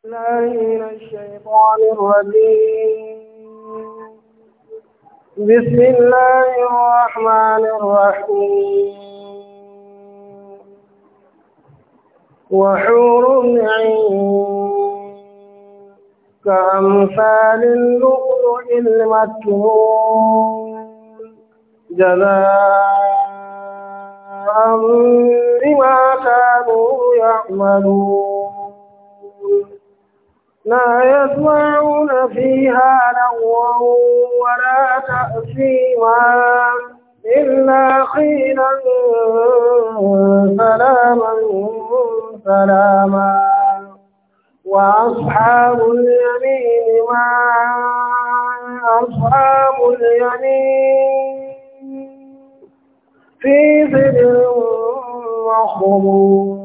بسم الله الرحمن الرحيم وحور عين كأمثال اللؤلؤ المكنون جزاء بما كانوا يعملون لا يسمعون فيها لغوا ولا تأثيما إلا قيلا سلاما سلاما وأصحاب اليمين ما أصحاب اليمين في سدر مخضود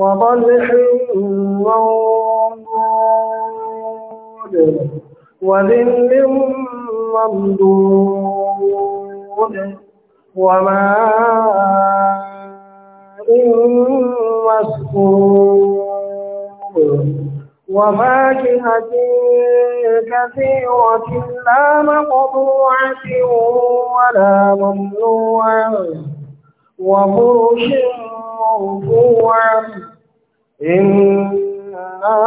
وطلح منضود وذل ممدود وماء مسكوب وفاكهة كثيرة لا مقطوعة ولا ممنوعة وفرش مرفوع إنا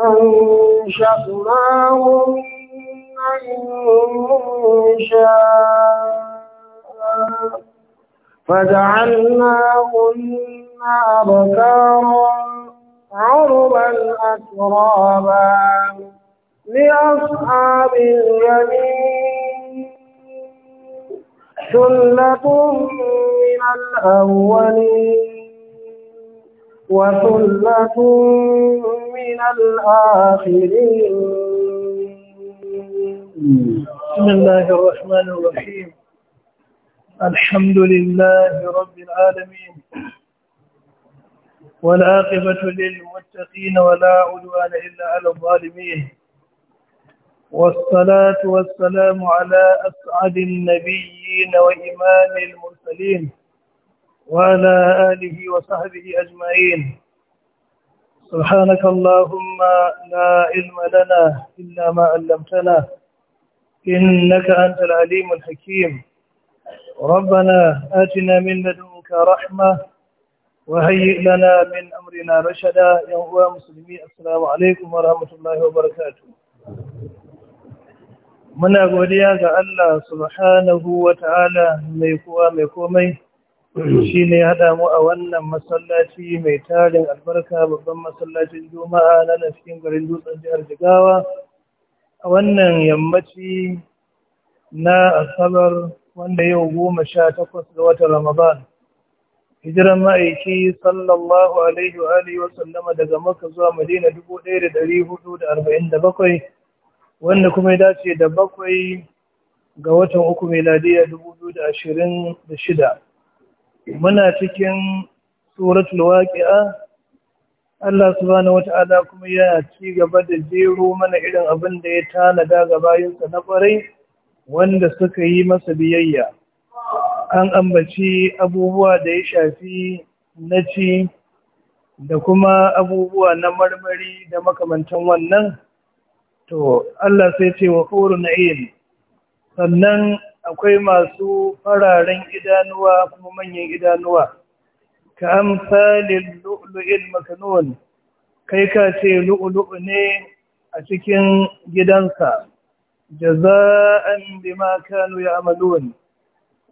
أنشأناهن إنشاء فجعلناهن أبكارا عربا أترابا لأصحاب اليمين ثلة من الأولين وثلة من الآخرين بسم الله الرحمن الرحيم الحمد لله رب العالمين والعاقبة للمتقين ولا عدوان إلا على الظالمين والصلاة والسلام على أسعد النبيين وإمام المرسلين وعلى آله وصحبه أجمعين سبحانك اللهم لا علم لنا إلا ما علمتنا إنك أنت العليم الحكيم ربنا آتنا من لدنك رحمة وهيئ لنا من أمرنا رشدا يا مسلمي السلام عليكم ورحمة الله وبركاته muna godiya ga Allah subhanahu wa ta'ala mai kuwa mai komai shi ne haɗa mu a wannan masallaci mai tarin albarka babban masallacin juma'a na cikin garin dutsen jihar jigawa a wannan yammaci na asabar wanda yau goma sha takwas ga wata ramadan hijiran ma'aiki sallallahu alaihi wa sallama daga maka zuwa madina dubu ɗaya da wanda kuma ya dace da bakwai ga watan uku da shida. muna cikin suratul waƙi'a Allah subhanahu ala kuma ya ci gaba da jero mana irin abin da ya tanada ga bayinsa na kwarai wanda suka yi masa biyayya an ambaci abubuwa da ya shafi na ci da kuma abubuwa na marmari da makamantan wannan to Allah sai ce wa iya ayn sannan akwai masu fararen idanuwa kuma manyan idanuwa ka amsalin lu'lu'il makanon, kai ka ce lu'lu'u ne a cikin gidansa jaza'an bima ya ya'malun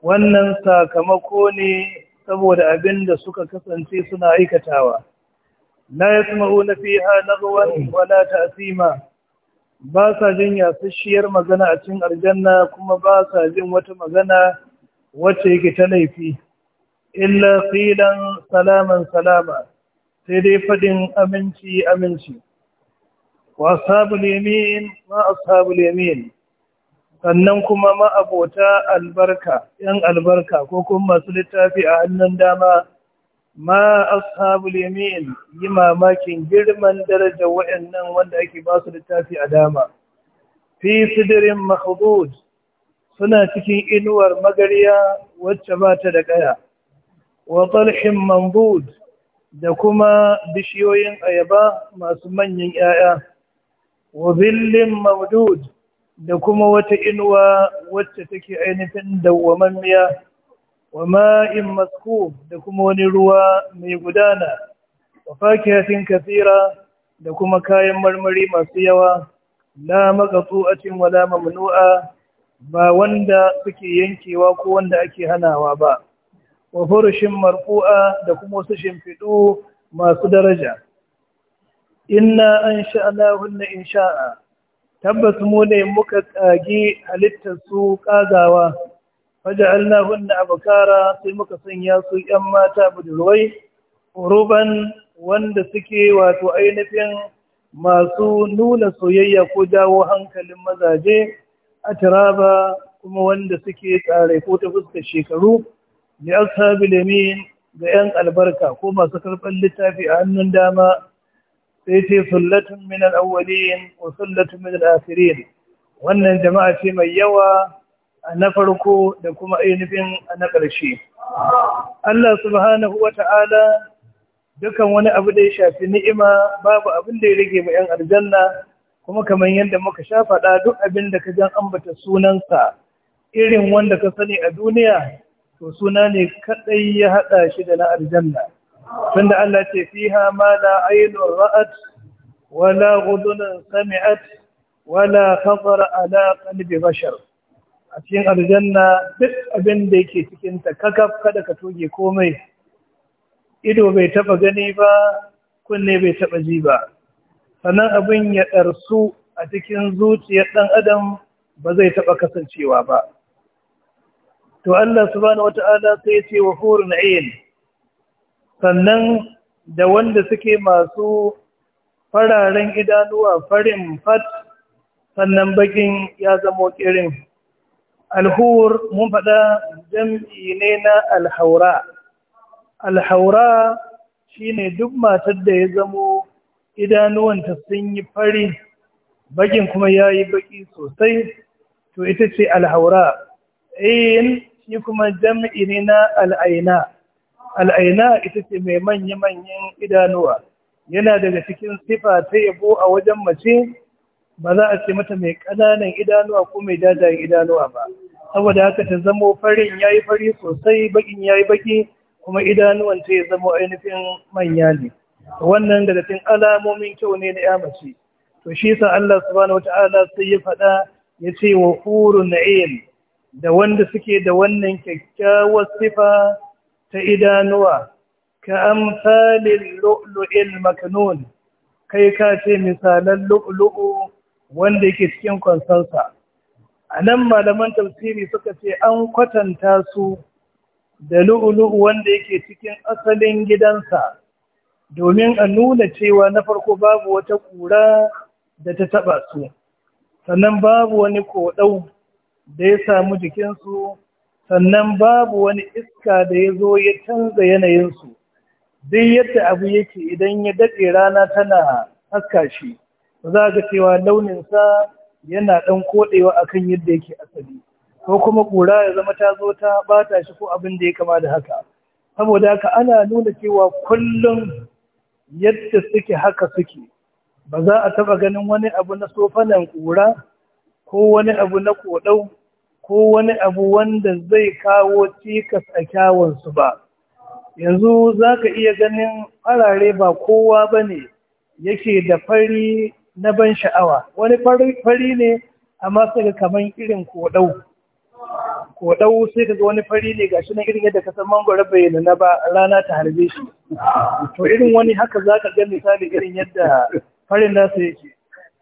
wannan sakamako ne saboda abin da suka kasance suna aikatawa Na fi ha na ruwan wala ta'sima ba sa jin yasasshiyar magana a cikin aljanna kuma ba sa jin wata magana wacce yake ta laifi illa filan salaman salama sai dai fadin aminci aminci wa ashabul yamin ma ashabul yamin sannan kuma ma albarka yan albarka ko kuma masu littafi a hannun dama ma ashabul yamin yi mamakin girman daraja wa'annan wanda ake ba su littafi a dama fi sidirin mahdud suna cikin inuwar magariya wacce ba ta da ƙaya. wa talhin mambud da kuma bishiyoyin ayaba masu manyan 'ya'ya wa zillin da kuma wata inuwa wacce take ainihin dawwamammiya wa ma'in masku da kuma wani ruwa mai gudana wa fakihatin kasira da kuma kayan marmari masu yawa la cin wala mamnu'a ba wanda suke yankewa ko wanda ake hanawa ba wa furushin marfu'a da kuma wasu shimfiɗu masu daraja inna an hunna in sha'a tabbas mu ne muka tsage halittar su ƙazawa. sai muka sanya su سنياسو mata budurwai, قربا wanda suke wato ainihin masu nuna soyayya ko jawo hankalin mazaje a taraba kuma wanda suke tsare ko ta shekaru da ashabi lamin ga 'yan albarka ko masu karɓar littafi a hannun dama sai ce sullatun min al-awwalin wa sullatun wannan jama'a ce mai yawa na farko da kuma ainihin na ƙarshe. Allah subhanahu wa ta'ala dukan wani abu da ya shafi ni'ima babu abin da ya rage ma 'yan aljanna kuma kamar yadda muka sha faɗa duk abin da ka jan ambata sunansa irin wanda ka sani a duniya to suna ne kaɗai ya haɗa shi da na aljanna. Tunda Allah ce fiha ma la ainun ra'at wala udunin sami'at wala khazara ala qalbi bashar. a cikin aljanna duk abin da yake cikin ta kakaf kada ka toge komai ido bai taba gani ba kunne bai taba ji ba sannan abin ya darsu a cikin zuciyar ɗan adam ba zai taba kasancewa ba to Allah subhanahu wata'ala sai ya ce wa hurun ayn sannan da wanda suke masu fararen idanuwa farin fat sannan bakin ya zama kirin alhur mun faɗa jam'i ne na alhaura alhaura shine duk matar da ya zamo idanuwanta sun yi fari bakin kuma ya yi baki sosai to ita ce alhaura ayin shi kuma jam'i ne na al'aina al'aina ita ce mai manya-manyan idanuwa yana daga cikin sifa ta yabo a wajen mace ba za a ce mata mai ƙananan idanuwa ko mai dadan idanuwa ba saboda haka ta zamo farin ya yi fari sosai bakin ya yi baki kuma ta ya zamo ainihin manya ne wannan daga cikin alamomin kyau ne na ya mace to shi sa Allah subhanahu wata'ala sai ya faɗa ya ce wa huru na'im da wanda suke da wannan kyakkyawar sifa ta idanuwa ka amsalin lu'lu'il maknun kai ka ce misalan lu'lu'u wanda yake cikin kwansansa a nan malaman tafsiri suka ce an kwatanta su da lu'ulu'u wanda yake cikin asalin gidansa domin a nuna cewa na farko babu wata ƙura da ta taɓa su sannan babu wani koɗau da ya samu jikinsu sannan babu wani iska da ya zo ya canza yanayinsu duk yadda abu yake idan ya daɗe rana tana haska shi za ga cewa launinsa yana ɗan koɗewa akan yadda yake asali ko kuma ƙura ya zama ta zo ta bata shi ko abin da ya kama da haka saboda haka ana nuna cewa kullum yadda suke haka suke ba za a taɓa ganin wani abu na sofanan ƙura ko wani abu na koɗau ko wani abu wanda zai kawo cikas a kyawunsu ba yanzu za ka iya ganin farare ba kowa ba ne yake da fari na ban sha'awa wani fari ne amma sai ga kaman irin kodau kodau sai ka ga wani fari ne gashi na irin yadda ka san mangoro bai na ba rana ta harbe shi to irin wani haka za ka gani misali irin yadda farin nasa yake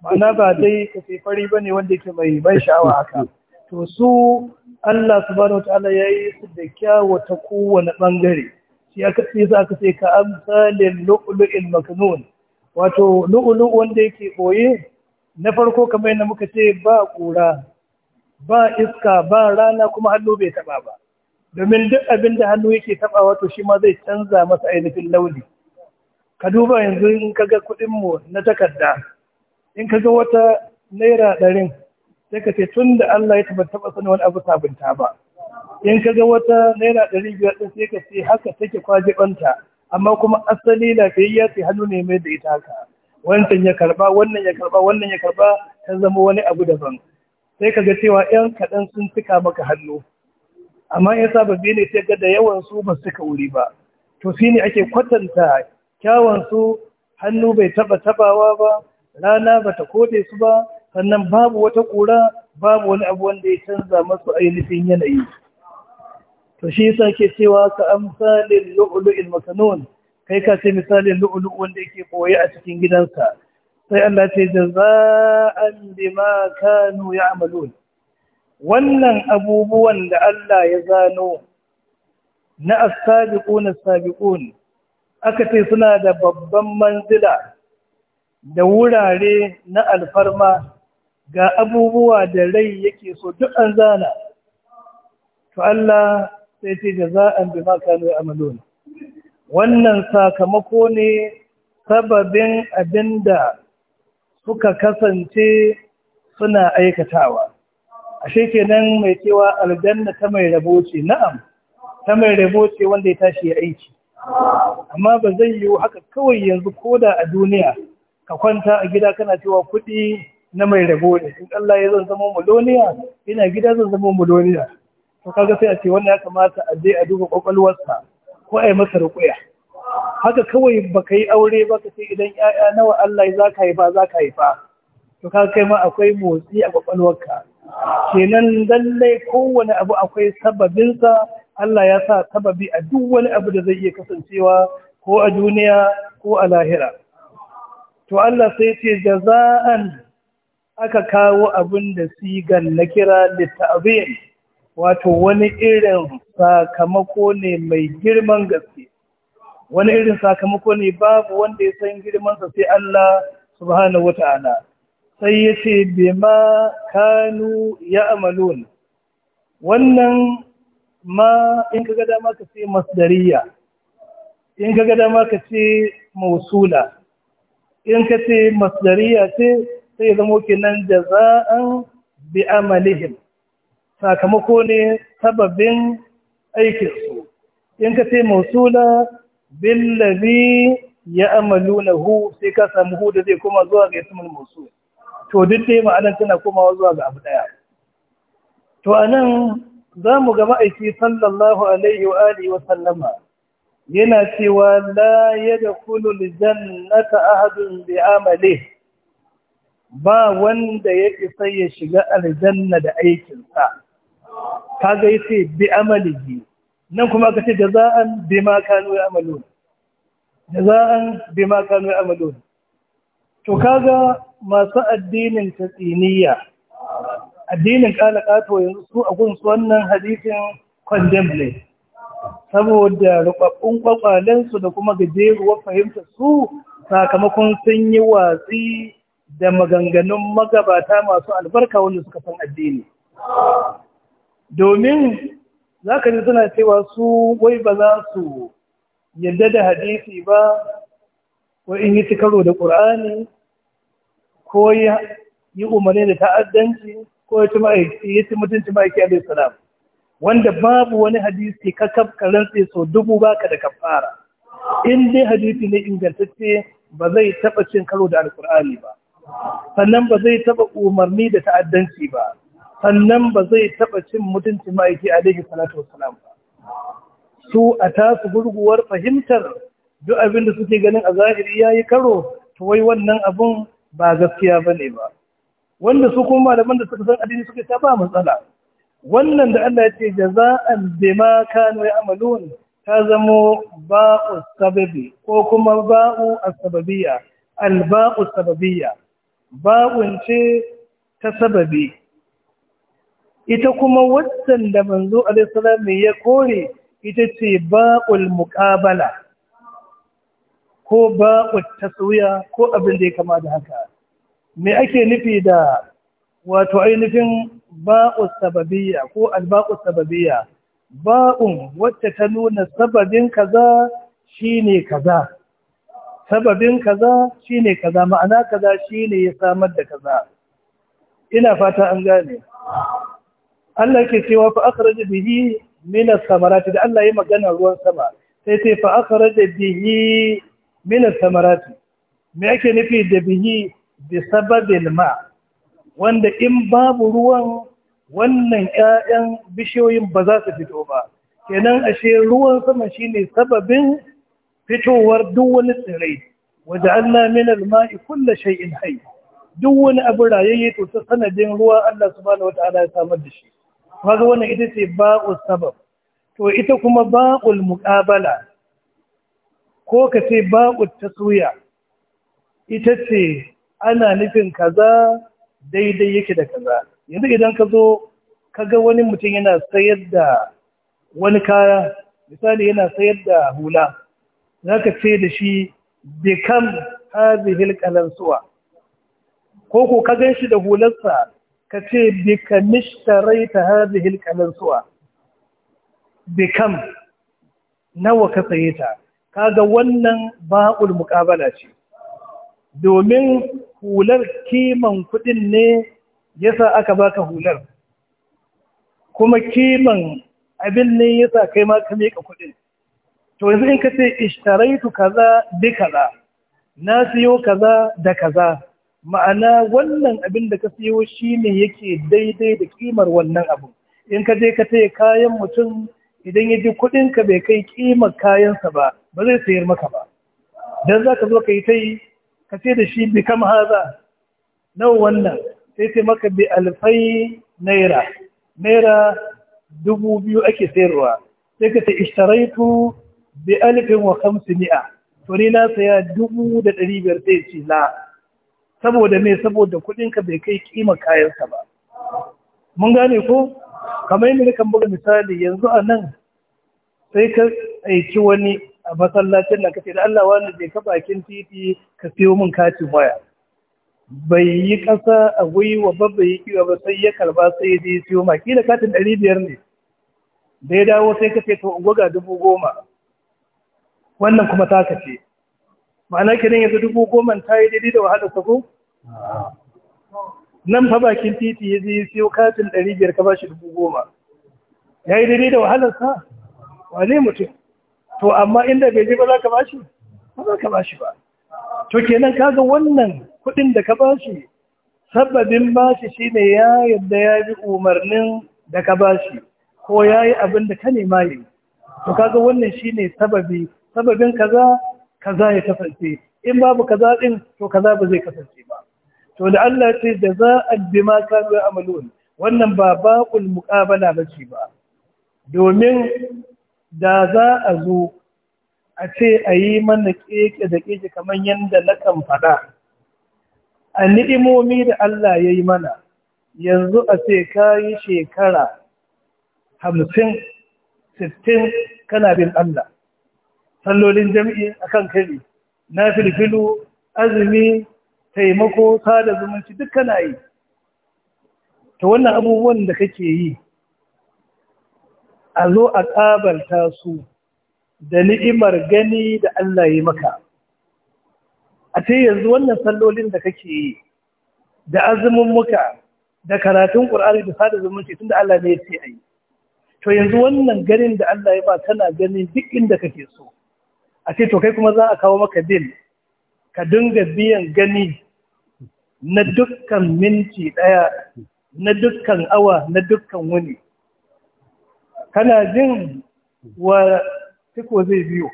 ma'ana ba dai ka sai fari bane wanda yake mai ban sha'awa haka to su Allah subhanahu wataala ya yi su da kyawu ta kowane bangare shi aka sa aka sai ka amsalin lu'lu'il maknun wato lu'ulu'u wanda yake ɓoye na farko kamar yadda muka ce ba ƙura ba iska ba rana kuma hannu bai taɓa ba domin duk abin da hannu yake taɓa wato shi ma zai canza masa ainihin launi ka duba yanzu in ka ga kuɗinmu na takarda in ka ga wata naira ɗarin sai ka ce tun da Allah ya taɓa taɓa sanin wani abu sabunta ba in ka ga wata naira ɗari biyar ɗin sai ka ce haka take kwajibanta amma kuma asali lafiyayya ce hannu ne mai da ita haka wancan ya karba wannan ya karba wannan ya karba ta zama wani abu daban sai ka ga cewa yan kaɗan sun cika maka hannu amma ya sababbi ne sai ga da yawan su ba su kauri wuri ba to shi ne ake kwatanta kyawun su hannu bai taba tabawa ba rana ba ta kode su ba sannan babu wata kura babu wani abu wanda ya canza masu ainihin yanayi to shi yasa ke cewa ka amsalin lu'lu'il makanun kai ka ce misalin lu'lu'u wanda yake koyi a cikin gidansa sai Allah ce jazaa'an bima kanu ya'malun wannan abubuwan da Allah ya zano na as-sabiquna as-sabiqun aka ce suna da babban manzila da wurare na alfarma ga abubuwa da rai yake so duk an zana to Allah sai ce jaza'an maka kanu ya'malun wannan sakamako ne sababin da suka kasance suna aikatawa ashe kenan mai cewa aljanna ta mai rabo ce na'am ta mai rabo ce wanda ya tashi ya aiki amma ba zai yiwu haka kawai yanzu ko da a duniya ka kwanta a gida kana cewa kuɗi na mai rabo ne in Allah ya zan zama muloniya ina gida zan zama muloniya to kaga sai a ce wannan ya kamata a je a duba kwakwalwarsa ko a yi masa rukuya haka kawai baka yi aure ba ka ce idan 'ya'ya nawa Allah za ka haifa zaka ka haifa to kaga kai ma akwai motsi a kwakwalwarka kenan lallai kowane abu akwai sababinsa Allah ya sa sababi a duk wani abu da zai iya kasancewa ko a duniya ko a lahira to Allah sai ce jaza'an aka kawo abin da sigan na kira littafin? wato wani irin sakamako ne mai girman gaske wani irin sakamako ne babu wanda ya san girmansa sai Allah subhanahu wata'ala sai ya ce bima kanu ya amalun wannan ma in ka gada maka ce masdariya in ka gada maka ce mausula in ka ce masdariya ce sai ya zama kenan jaza'an bi amalihim sakamako ne sababin aikinsu in ka ce mausula billazi ya amalu na hu sai ka samu hu da zai koma zuwa ga ismul mausul to duk dai ma'anar tana komawa zuwa ga abu daya to anan za mu ga ma'aiki sallallahu alaihi wa alihi wa sallama yana cewa la yadkhulu aljannata ahadun bi amalihi ba wanda ya isa ya shiga aljanna da aikinsa kaga yace bi amalihi nan kuma aka ce jaza'an bima kanu ya'malun jaza'an bima kanu ya'malun to kaga masu addinin tatsiniya addinin kalakato yanzu su a gun su wannan hadisin condemned saboda rubabbun ƙwaƙwalensu da kuma gajeruwar fahimta su sakamakon sun yi watsi da maganganun magabata masu albarka wanda suka san addini domin za ka ji suna cewa su wai ba za su yadda da hadisi ba ko in yi karo da ƙur'ani ko yi umarni da ta'addanci ko ya ci mutunci ma'aiki alaihi salam wanda babu wani hadisi ka kafkaran sai so dubu baka da kafara in dai hadisi ne ingantacce ba zai taba cin karo da alkur'ani ba sannan ba zai taba umarni da ta'addanci ba sannan ba zai taɓa cin mutunci ma'aiki a alaihi salatu wasalam ba su a tasu gurguwar fahimtar duk abin da suke ganin a zahiri ya yi karo to wai wannan abun ba gaskiya ba ne ba wanda su kuma malaman da suka san addini suke ta ba matsala wannan da Allah ya ce jaza'an bima kanu ya'malun ta zamo ba'u sababi ko kuma ba'u as-sababiyya al-ba'u sababiyya ba'un ce ta sababi ita kuma waccan da manzo alaihissalam ya kore ita ce ba'ul muqabala ko ba'ul taswiya ko abin da ya kama da haka me ake nufi da wato ainihin Ba'u sababiyya ko alba'ul sababiyya ba'un wacce ta nuna sababin kaza shine kaza sababin kaza shine kaza ma'ana kaza shine ya samar da kaza ina fata an gane Allah ke cewa fa akhraja bihi min as-samarati da Allah ya magana ruwan sama sai sai fa akhraja bihi min as-samarati me yake nufi da bihi bi sababil ma wanda in babu ruwan wannan ƴaƴan bishiyoyin ba za su fito ba kenan ashe ruwan sama shine sababin fitowar duk wani tsirrai waja'alna min al-ma'i kulli shay'in hayy duk wani abu rayayye to ta sanadin ruwa Allah subhanahu wataala ya samar da shi kaga wannan ita ce ba'ul sabab to ita kuma ba'ul muqabala ko ka ce ba'ul taswiya ita ce ana nufin kaza daidai yake da kaza yanzu idan ka zo kaga wani mutum yana sayar da wani kaya misali yana sayar da hula za ka ce da shi bikam hazihil kalansuwa ko ko ka gan shi da hularsa bika كتي بكم اشتريت هذه nawa ka tsaye ta kaga wannan ba'ul muƙabala ce domin hular kiman kuɗin ne yasa aka baka hular kuma kiman abin ne yasa kai ma ka mika kuɗin to yanzu in ka ce ishtaraitu kaza bi kaza na siyo kaza da kaza ma'ana wannan abin da ka siyo shi ne yake daidai da kimar wannan abu in ka je ka taya kayan mutum idan ya ji kuɗin ka bai kai kimar kayansa ba ba zai sayar maka ba dan za ka zo ka yi ta yi ka ce da shi bi kam haza nawa wannan sai sai maka bi alfai naira naira dubu biyu ake sayarwa sai ka ce ishtaraitu bi alfin wa kamsu mi'a to na saya dubu da ɗari biyar sai ce la saboda me saboda kuɗinka bai kai kima kayansa ba mun gane ko kamar yadda kan buga misali yanzu a nan sai ka aiki wani a masallacin da kace da Allah wani bai ka bakin titi ka siyo min katin waya bai yi ƙasa a gwiwa ba bai yi kiwa ba sai ya karba sai ya je siyo ma da katin ɗari biyar ne da ya dawo sai ka ce to goga dubu goma wannan kuma ta kace ma'ana kenan yanzu dubu goma ta yi daidai da wahalar sako nan fa bakin titi ya je ya siyo katin ɗari biyar ka bashi dubu goma ya yi daidai da wahalarsa wane mutum to amma inda bai je ba za ka bashi ba za ka bashi ba to kenan kaga wannan kuɗin da ka bashi sababin bashi shine ya yadda ya bi umarnin da ka bashi ko ya yi abin da ka nema yi to kaga wannan shine sababi sababin kaza kaza ya kasance in babu kaza din to kaza ba zai kasance ba to da Allah ce da za a bi ma kanu amalun wannan ba baqul muqabala ce ba domin da za a zo a ce a yi mana keke da keke kamar yadda na kan faɗa a ni'imomi da Allah ya yi mana yanzu a ce ka yi shekara hamsin sittin kana bin Allah sallolin jam'i akan kari na filfilu azumi taimako sada zumunci duk kana yi ta wannan abubuwan da kake yi a zo a ƙabarta su da ni'imar gani da Allah yi maka a ce yanzu wannan sallolin da kake yi da azumin muka da karatun ƙur'ani da sada zumunci tunda Allah ne ya ce a to yanzu wannan ganin da Allah ya ba tana ganin duk inda kake so a ce to kai kuma za a kawo maka bil ka dinga biyan gani na dukkan minti ɗaya na dukkan awa na dukkan wani kana jin wa ciko zai biyo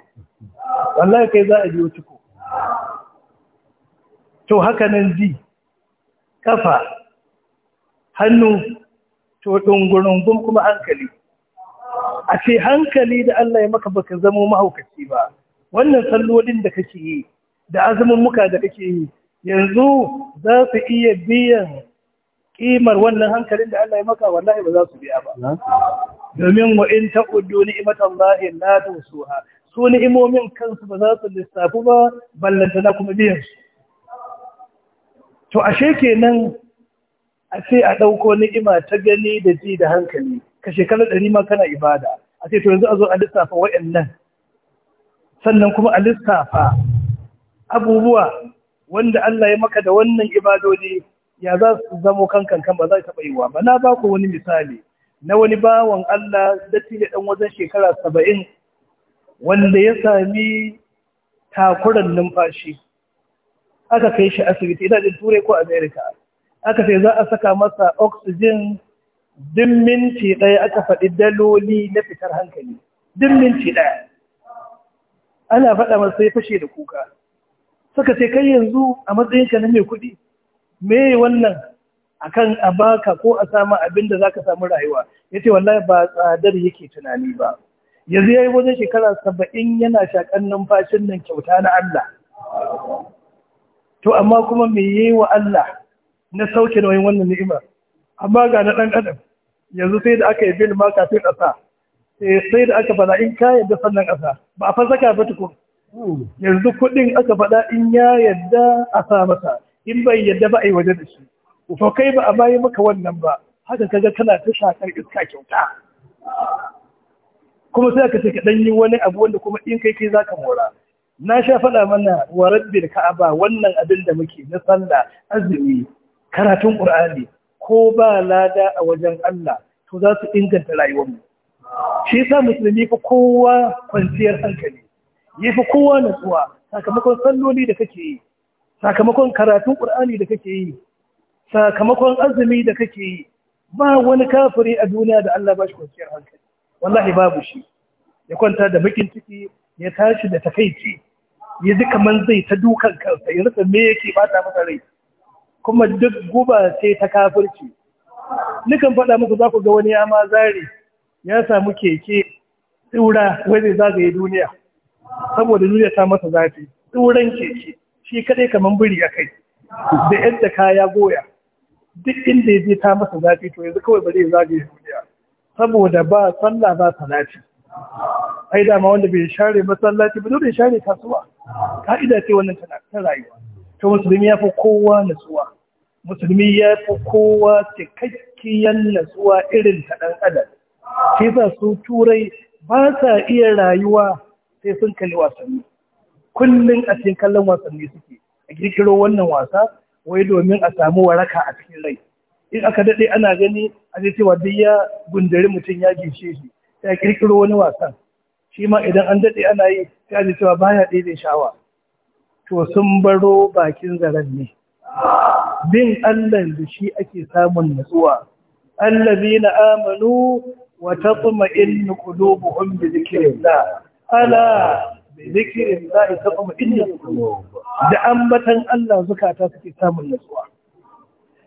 wallahi kai za a biyo ciko to haka nan ji kafa hannu to ɗungurungun kuma hankali a ce hankali da Allah ya maka baka zama mahaukaci ba wannan sallolin da kake yi da azumin muka da kake yi yanzu za su iya biyan ƙimar wannan hankalin da Allah ya maka wallahi ba za su biya ba domin wa in ta'uddu ni'matan lahi la tusuha su ni'imomin kansu ba za su lissafu ba ballanta na kuma biyan su to ashe kenan a ce a ɗauko ni'ima ta gani da ji da hankali ka shekara ɗari ma kana ibada a ce to yanzu a zo a lissafa wa'annan sannan kuma a lissafa abubuwa wanda Allah ya maka da wannan ibadodi ya za su zamo kankan kan ba za ta yiwa ba na ba ku wani misali na wani bawan Allah da ɗan dan wajen shekara saba'in wanda ya sami takuran numfashi aka kai shi asibiti ina da turai ko america aka sai za a saka masa oxygen din minti ɗaya aka faɗi daloli na fitar hankali din minti ɗaya ana faɗa masa sai fashe da kuka suka ce kai yanzu a matsayinka na mai kuɗi me wannan akan a baka ko a samu abin da zaka samu rayuwa yace wallahi ba tsadar yake tunani ba yanzu yayi wajen shekara saba'in yana shakan numfashin nan kyauta na Allah to amma kuma me yayi wa Allah na sauke nauyin wannan ni'ima amma ga na dan adam yanzu sai da aka yi bil ma kafin a sa eh, sai da aka fada in ka yadda sannan ƙasa. ba a fasaka ba tukun yanzu kuɗin aka faɗa in ya yadda a sa masa in bai yadda ba a yi waje da shi to kai ba a bayi maka wannan ba haka kaga kana ta shakar iska kyauta kuma sai aka ce ka yi wani abu wanda kuma in kai kai zaka mora na sha faɗa mana wa rabbil ka'aba wannan abin da muke na sallah azumi karatun qur'ani ko ba lada a wajen Allah to za su inganta rayuwarmu shi yasa musulmi fa kowa kwanciyar hankali ya fi kowa natsuwa sakamakon salloli da kake yi sakamakon karatun ƙur'ani da kake yi sakamakon azumi da kake yi ba wani kafiri a duniya da Allah ba shi kwanciyar hankali wallahi babu shi ya kwanta da bakin ciki ya tashi da takaici ya ji kamar zai ta dukan kansa ya rasa me yake bata masa rai kuma duk guba sai ta kafirci nukan faɗa muku za ku ga wani ya ma zare ya samu keke tsura wani zagaye duniya saboda duniya ta masa zafi tsuran keke shi kadai kamar buri a kai da yadda kaya goya duk inda ya je ta masa zafi to yanzu kawai ba zai zagaye duniya saboda ba sallah ba lati ai dama wanda bai share masallaci ba dole share kasuwa ka'ida ce wannan tana ta rayuwa to musulmi ya fi kowa nasuwa musulmi ya fi kowa cikakkiyar nasuwa irin ta dan adam za su turai ba sa iya rayuwa sai sun kalli wasanni kullum a cikin kallon wasanni suke a kirkiro wannan wasa wai domin a samu waraka a cikin rai in aka daɗe ana gani a zai cewa duk ya gundari mutum ya gishe shi sai a kirkiro wani wasan shi ma idan an daɗe ana yi sai a zai cewa baya ɗaya sha'awa to sun baro bakin zaren ne bin Allah da shi ake samun nutsuwa na amanu wa tatma'innu qulubuhum bi dhikrillah ala zikirin za a ta kuma inda da ambatan Allah zukata suke samun nutsuwa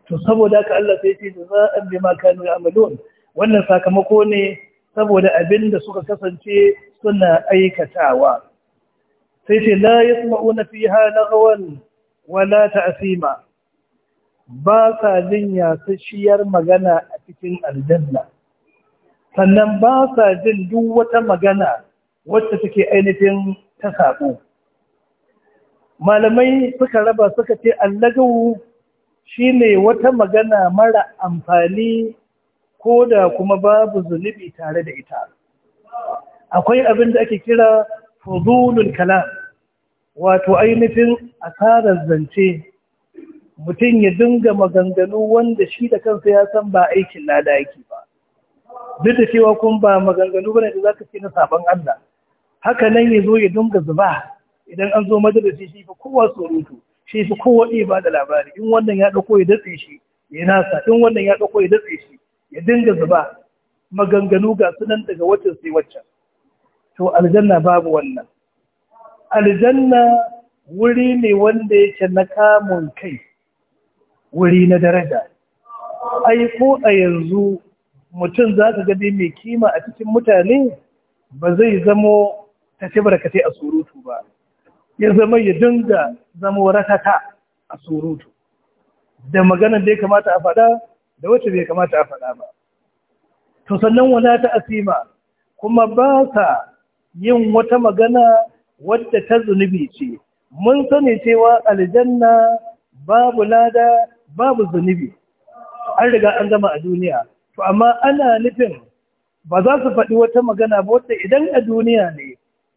to saboda haka Allah sai ce da za a ma kanu ya amalon wannan sakamako ne saboda abin da suka kasance suna aikatawa sai ce la yasma'una fiha lagwan wala ta'sima ba sa jin yasasshiyar magana a cikin aljanna sannan ba sa jin duk wata magana wacce take ainihin ta saɓo. malamai suka raba suka ce allagawu shine wata magana mara amfani ko da kuma babu zunubi tare da ita akwai abin da ake kira fuzulul Kala. wato ainihin asarar zance mutum ya dinga maganganu wanda shi da kansa ya san ba aikin lada yake ba duk da cewa kun ba maganganu bane da zaka ce na saban Allah haka nan ya zo ya dunga zuba idan an zo madarasi shi fi kowa surutu shi fi kowa ɗaya ba da labari in wannan ya ɗauko ya datse shi ya nasa in wannan ya ɗauko ya datse shi ya dinga zuba maganganu ga sunan daga waccan sai waccan to aljanna babu wannan aljanna wuri ne wanda yake na kamun kai wuri na daraja ai ko a yanzu mutum za ka gani mai kima a cikin mutane ba zai zamo ta ce a surutu ba ya zama ya dinga zama warakata a surutu da maganar da ya kamata a faɗa da wacce bai kamata a faɗa ba to sannan wala ta asima kuma ba sa yin wata magana wadda ta zunubi ce mun sani cewa aljanna babu lada babu zunubi an riga an zama a duniya to amma ana nufin ba za su faɗi wata magana ba wadda idan a duniya ne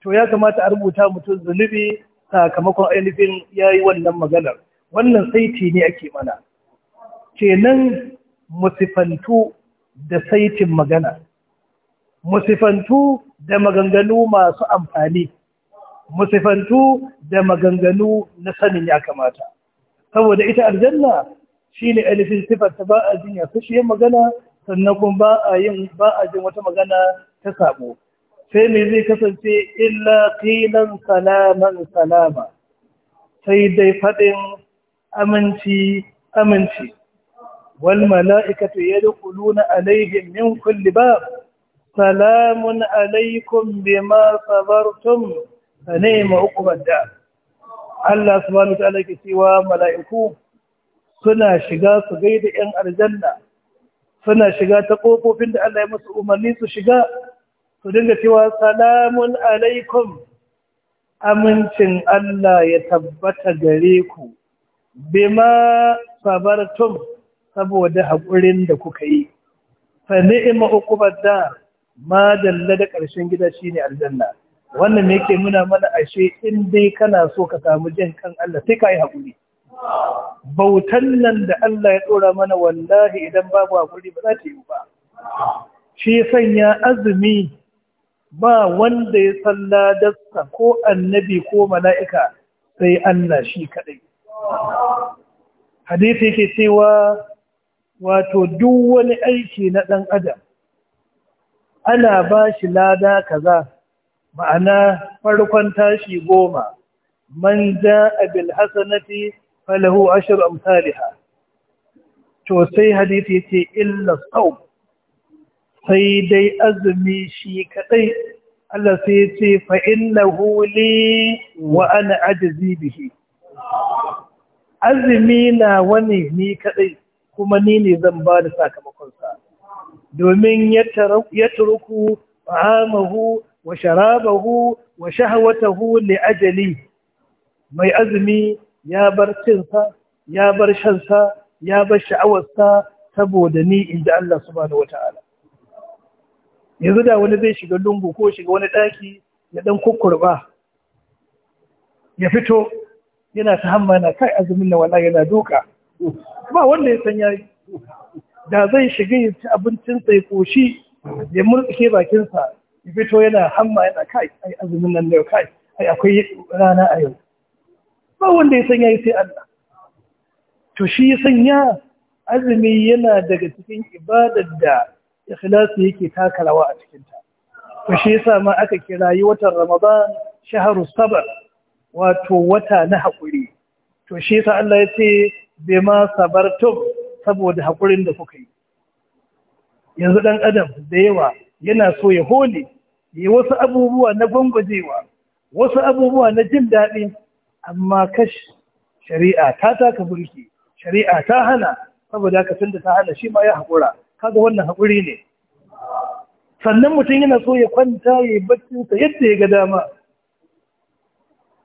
to ya kamata a rubuta mutum zunubi sakamakon ainihin ya yi wannan maganar wannan saiti ne ake mana kenan musifantu da saitin magana musifantu da maganganu masu amfani musifantu da maganganu na sanin ya kamata saboda ita aljanna shi ne ainihin sifar ta ba a jin ya magana sannan kuma ba a ba a jin wata magana ta sabo sai me zai kasance illa qilan salaman salama sai dai faɗin aminci aminci wal mala'ikatu yadkhuluna alaihin min kulli ba? salamun alaikum bima sabartum fa ni'ma uqbad da Allah subhanahu wa ta'ala ke cewa mala'iku suna shiga su gaida 'yan aljanna suna shiga ta ƙofofin da Allah ya masu umarni su shiga ku dinga cewa salamun alaikum amincin Allah ya tabbata gare ku bima sabartum saboda haƙurin da kuka yi fa ni'ma uqubad da ma dalla da ƙarshen gida shine aljanna wannan me yake muna mana ashe in dai kana so ka samu jin kan Allah sai ka yi haƙuri bautan nan da Allah ya ɗora mana wallahi idan babu haƙuri ba za ta yi ba shi sanya azumi ba wanda ya san ladarsa ko annabi ko mala'ika sai Allah shi kaɗai. Hadithi ke cewa wato duk wani aiki na ɗan adam ana ba shi lada kaza ma'ana farkon tashi goma man ja abin hasanati falahu ashir amsaliha to sai hadisi ce illa sau. sai dai azumi shi kadai Allah sai ce fa innahu li wa ana ajzi bihi azumi na wani ni kadai kuma ni ne zan ba da sakamakon sa domin ya turuku fa'amahu wa sharabahu wa shahawatahu li ajali mai azumi ya bar cinsa ya bar shansa ya bar sha'awarsa saboda ni inda Allah subhanahu wata'ala yanzu da wani zai shiga lungu ko shiga wani ɗaki ya ɗan kukurba ya fito yana ta hamma na kai azumin na wala yana doka ba wanda ya san yayi da zai shiga ya ci abincinsa ya koshi ya murtsike bakinsa ya fito yana hamma yana kai ai azumin nan da kai ai akwai rana a yau ba wanda ya san yayi sai Allah to shi sanya azumi yana daga cikin ibadar da ikhlasi yake taka rawa a cikin ta to shi yasa ma aka kira yi watan Ramadan shahru sabr wato wata na hakuri to shi yasa Allah ya ce bima sabartum saboda hakurin da kuka yi yanzu dan adam da yawa yana so ya hole yi wasu abubuwa na gwangwajewa wasu abubuwa na jin daɗi amma kash shari'a ta taka burki shari'a ta hana saboda ka tunda ta hana shi ma ya haƙura kaga wannan haƙuri ne sannan mutum yana so ya kwanta ya yi baccinsa yadda ya ga dama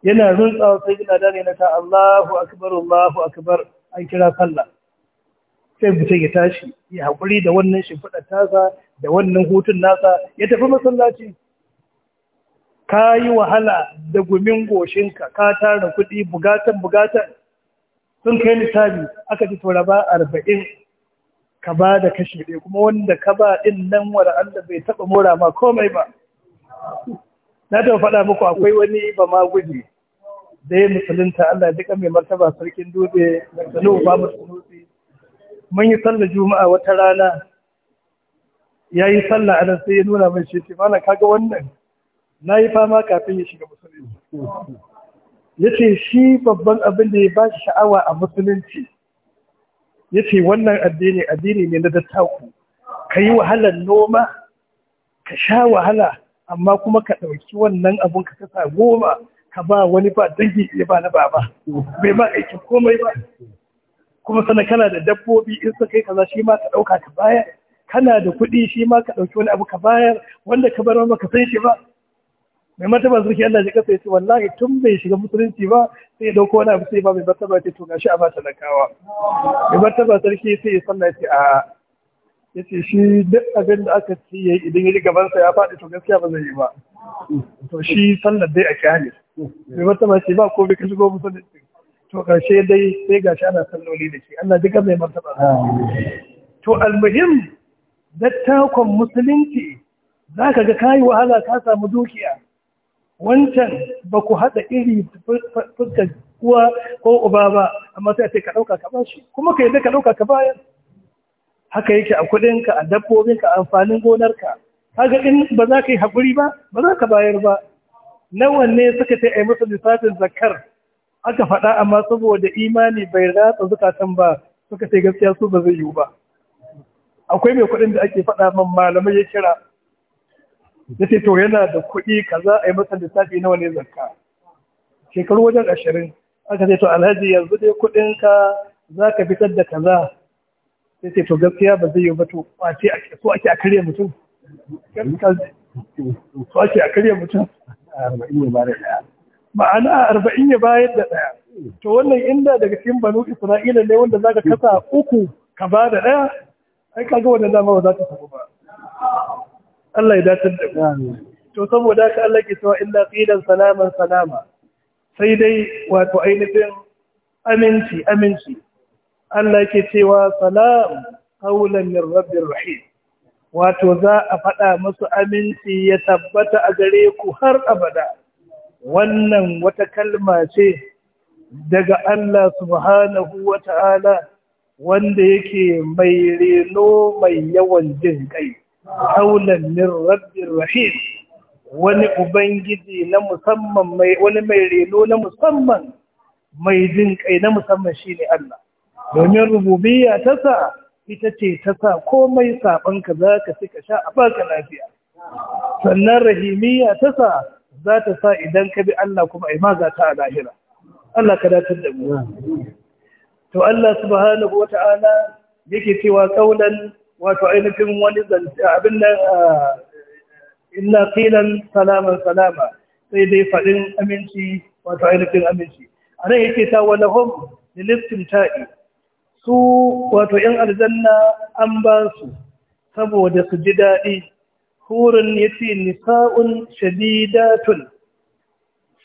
yana runtsawa sai yana dare na ta Allahu akbar Allahu akbar an kira sallah sai mutum ya tashi ya haƙuri da wannan shimfiɗa tasa da wannan hutun nasa ya tafi masallaci ka yi wahala da gumin goshinka ka tara kuɗi bugatan bugatan sun kai misali aka ci tauraba arba'in ka ba da kashi ɗaya kuma wanda ka ba ɗin nan wada Allah bai taɓa mora ma komai ba. Na taɓa faɗa muku akwai wani ba ma guji da ya musulunta Allah duka mai martaba sarkin dutse da sanu ba musulunci. Mun yi sallar juma'a wata rana ya yi sallar a sai ya nuna mai shi ce mana kaga wannan na yi fama kafin ya shiga musulunci. Ya ce shi babban abin da ya ba shi sha'awa a musulunci. ya ce wannan addini addini ne na dattaku ka yi wahalar noma ka sha wahala amma kuma ka ɗauki wannan abun ka kasa goma ka ba wani ba dangi ya ba na baba bai ma aiki komai ba kuma sana kana da dabbobi in suka kai kaza shi ma ka ɗauka ka bayar kana da kuɗi shi ma ka ɗauki wani abu ka bayar wanda ka bar ka san shi ba mai martaba sarki Allah ya kasa yace wallahi tun bai shiga musulunci ba sai ya dauko wani abu sai ba mai ba ce to gashi a ba talakawa mai martaba sarki sai ya sanna yace a yace shi duk abin da aka ci yayi idan ya ji gaban sa ya faɗi to gaskiya ba zai yi ba to shi sallar dai a kyale mai ba ce ba ko bai ka shigo musulunci to karshe dai sai gashi ana salloli da shi Allah duka mai ba to almuhim dattakon musulunci ka ga kayi wahala ka samu dukiya wancan ba ku haɗa iri fuskar uwa ko uba ba amma sai a ce ka ɗauka ka ba shi kuma ka yadda ka ɗauka ka bayar haka yake a kuɗinka a dabbobinka a amfanin gonarka kaga in ba za ka yi haƙuri ba ba za ka bayar ba nawa ne suka ce a yi musu lissafin zakar aka faɗa amma saboda imani bai ratsa zukatan ba suka ce gaskiya su ba zai yiwu ba akwai mai kuɗin da ake faɗa man malamai ya kira ya ce to yana da kuɗi kaza a yi masa lissafi nawa ne zakka shekaru wajen ashirin aka ce to alhaji yanzu dai kuɗinka za ka fitar da kaza sai ce to gaskiya ba zai yi ba to so ake a karya mutum so ake a mutum ma'ana arba'in ya bayar da ɗaya to wannan inda daga cikin banu isra'ila ne wanda za ka kasa uku ka ba da ɗaya ai kaga wannan dama ba za ta samu ba Allah ya datar da to saboda haka Allah ke cewa illa qilan salaman salama sai dai wato ainihin aminci aminci Allah ke cewa salam qawlan min rabbin rahim wato za a faɗa musu aminci ya tabbata a gare ku har abada wannan wata kalma ce daga Allah subhanahu wa ta'ala wanda yake mai reno mai yawan jin kai haulan min rahim wani ubangiji na musamman mai wani mai reno na musamman mai jin kai na musamman shine Allah domin rububiyya ta sa ita ce ta sa komai saban ka zaka ci ka sha a baka lafiya sannan rahimiyya ta sa za ta sa idan ka bi Allah kuma ai ma za ta a lahira Allah ka datar da mu to Allah subhanahu wata'ala yake cewa kaulan wato ainihin wani zance abin nan ah, illa qilan salaman salama sai dai faɗin aminci wato ainihin aminci a nan yake ta wala hum ta'i su wato ‘yan aljanna an ba su saboda su ji daɗi hurin ya ce nisa'un shadidatun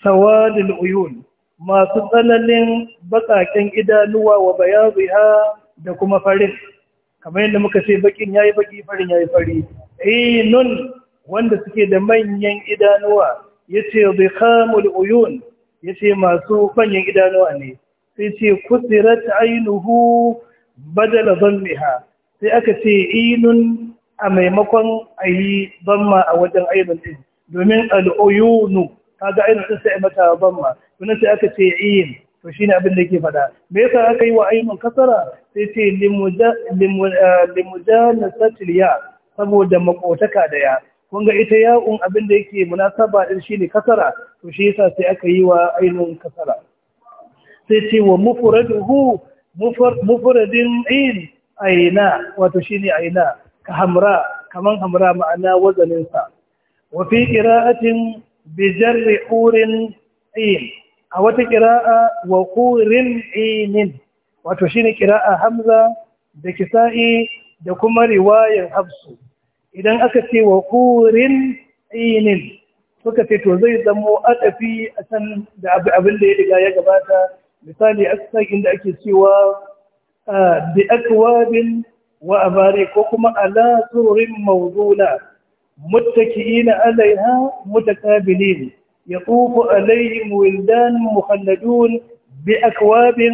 sawadil uyun masu tsananin baƙaƙen idanuwa wa bayaziha da kuma farin kamar yadda muka ce bakin yayi baki farin yayi fari nun, wanda suke da manyan idanuwa yace bikhamul uyun yace masu manyan idanuwa ne sai ce kusirat ainuhu badala dhammiha sai aka ce inun a maimakon ayi bamma a wajen ainun din domin aluyunu uyunu kaga ainun sai mata bamma. kuma sai aka ce in to ne abin da ke fada me yasa aka yi wa ainun kasara sai ce limuja eh, limujanasatil ya saboda makotaka da ya kun ga ita ya'un abin da yake munasaba din ne kasara to shi yasa sai aka yi wa ainun kasara sai ce wa mufraduhu mufradin in aina wato shi ne aina ka hamra kaman hamra ma'ana wazanin sa wa fi qira'atin bi jarri urin a wata ƙira'a wa ƙurin inin wato shine ƙira'a hamza da kisa'i da kuma riwayar hafsu idan aka ce wa ƙurin inin suka ce to zai zamo adafi a can da abin da ya riga ya gabata misali a inda ake cewa bi akwabin wa abari ko kuma ala sururin mawduna muttaki'ina alaiha mutakabilin يطوف عليهم ولدان مخلدون بأكواب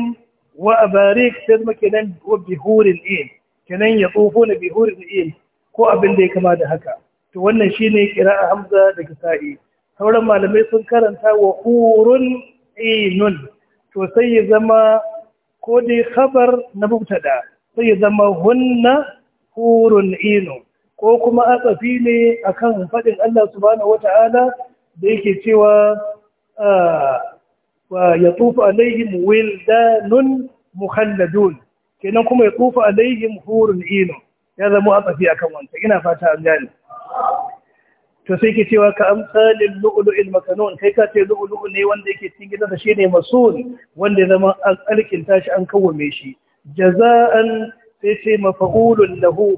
وأباريك سلم كنان وبهور الإيل كنان يطوفون بهور الإيل ko abin da ya kama da haka to wannan shine kira'a hamza da kisa'i sauran malamai sun karanta wa hurun inun to sai ya zama ko dai khabar na mubtada sai ya zama hunna hurun inu ko kuma atsafi ne akan faɗin Allah subhanahu wata'ala da yake cewa ah, ya tufa alaihim wildanun muhalladun kenan kuma ya tufa alaihim hurun ino ya zama a tafi akan wanta ina fata an gane to sai ke cewa ka amsalin lu'lu'il makanun kai ka ce lu'lu'u ne wanda yake cikin gidansa shine masun wanda ya zama an tashi tashi an kawwame shi jaza'an sai ce mafa'ulun lahu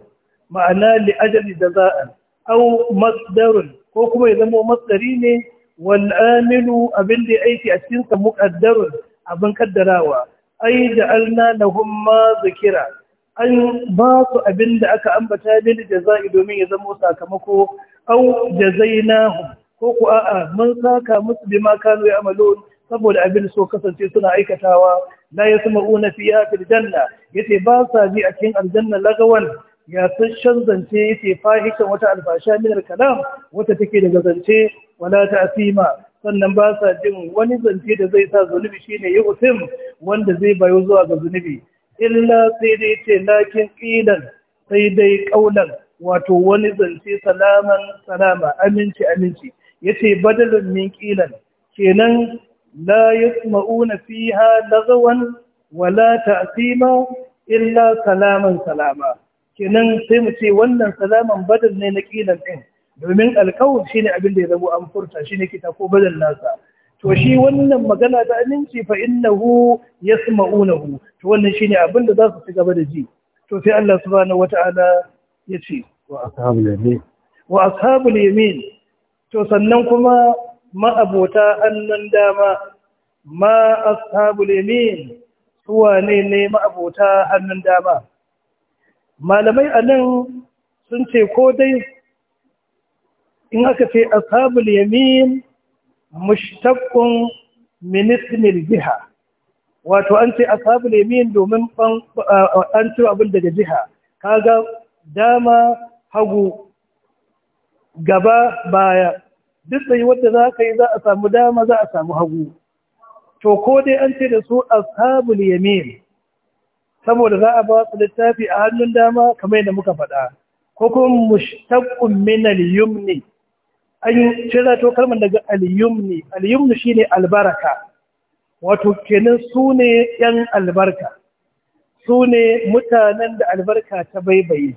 ma'ana li ajali jaza'an aw masdarun ko kuma ya zama matsari ne wal'amilu Aminu, abin da ya aiki a cikin sa abin kaddarawa ai da alna na humma zikira an ba su abin da aka ambata da za'i domin ya zama sakamako au jazainahum ko ku a'a mun saka musu bima kanu ya amalun saboda abin so kasance suna aikatawa la yasma'una fiha fil janna yace ba sa bi a cikin aljanna lagawan ya sashen zance yake fahishan wata albasha minar kalam wata take daga zance wala sannan ba sa jin wani zance da zai sa zunubi shi shine Fim wanda zai bayo zuwa ga zunubi illa sai dai ce lakin ƙilan sai dai ƙaunar wato wani zance salaman salama aminci aminci ce badalin min ƙilan kenan la yasma'una fiha lagawan wala walatasima illa salaman salama kenan sai mu ce wannan salaman badal ne na kilan din domin shi shine abin da ya zama an furta shi kita ko badal nasa to shi wannan magana ta aminci fa innahu yasma'unahu to wannan ne abin da za su ci gaba da ji to sai Allah subhanahu wata'ala ya ce wa ashabul yamin wa ashabul yamin to sannan kuma ma'abota annan dama ma ashabul yamin suwa ne ne ma'abota hannun dama malamai a nan sun ce ko dai in aka ce sabul yamin mushtaqqun min ismil jiha wato an ce sabul yamin domin an ci abin daga jiha kaga dama hagu gaba baya duk sai wanda za ka yi za a samu dama za a samu hagu to ko dai an ce da su ashabul yamin saboda za a ba su littafi a hannun dama kamar yadda muka faɗa ko kuma mushtaqqun min al-yumni an cira to kalmar daga al-yumni al-yumni shine albaraka wato kenan sune yan albarka sune mutanen da albarka ta baibaye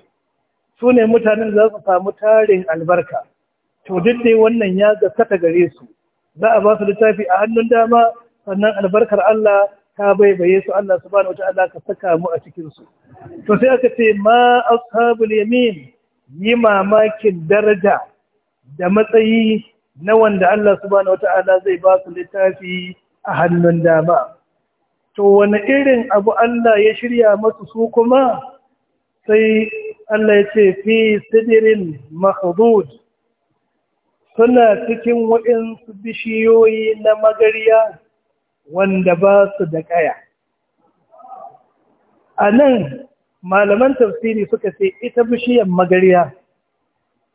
sune mutanen da za su samu tarin albarka to duk dai wannan ya gaskata gare su za a ba su littafi a hannun dama sannan albarkar Allah ka baibaye su Allah subhanahu ta'ala ka saka mu a cikin su to sai aka ce ma ashabul yamin yi mamakin daraja da matsayi na wanda Allah subhanahu ta'ala zai ba su littafi a hannun dama to wani irin abu Allah ya shirya masu su kuma sai Allah ya ce fi sidirin mahdud suna cikin waɗansu bishiyoyi na magariya wanda ba su da ƙaya. a nan malaman tafsiri suka ce ita bishiyar magariya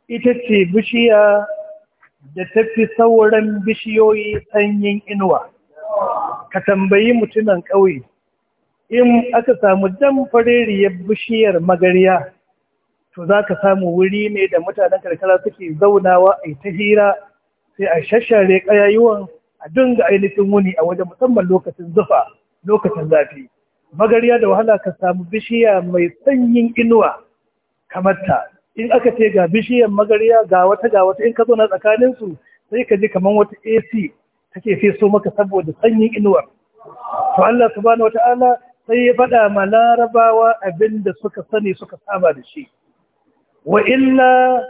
ita ce bishiya da tafi sauran bishiyoyi sanyin inuwa ka tambayi mutumin ƙauye in aka samu damfarariyar bishiyar magariya to za ka samu wuri ne da mutanen karkara suke zaunawa a ta hira sai a shashare ƙayayuwan a dinga ainihin wuni a wajen musamman lokacin zufa lokacin zafi magariya da wahala ka samu bishiya mai sanyin inuwa kamar ta in aka ce ga bishiyan magariya ga wata ga wata in ka zo na tsakanin su sai ka ji kamar wata AC take feso maka saboda sanyin inuwar to Allah subhanahu wataala sai ya faɗa ma larabawa abinda suka sani suka saba da shi wa illa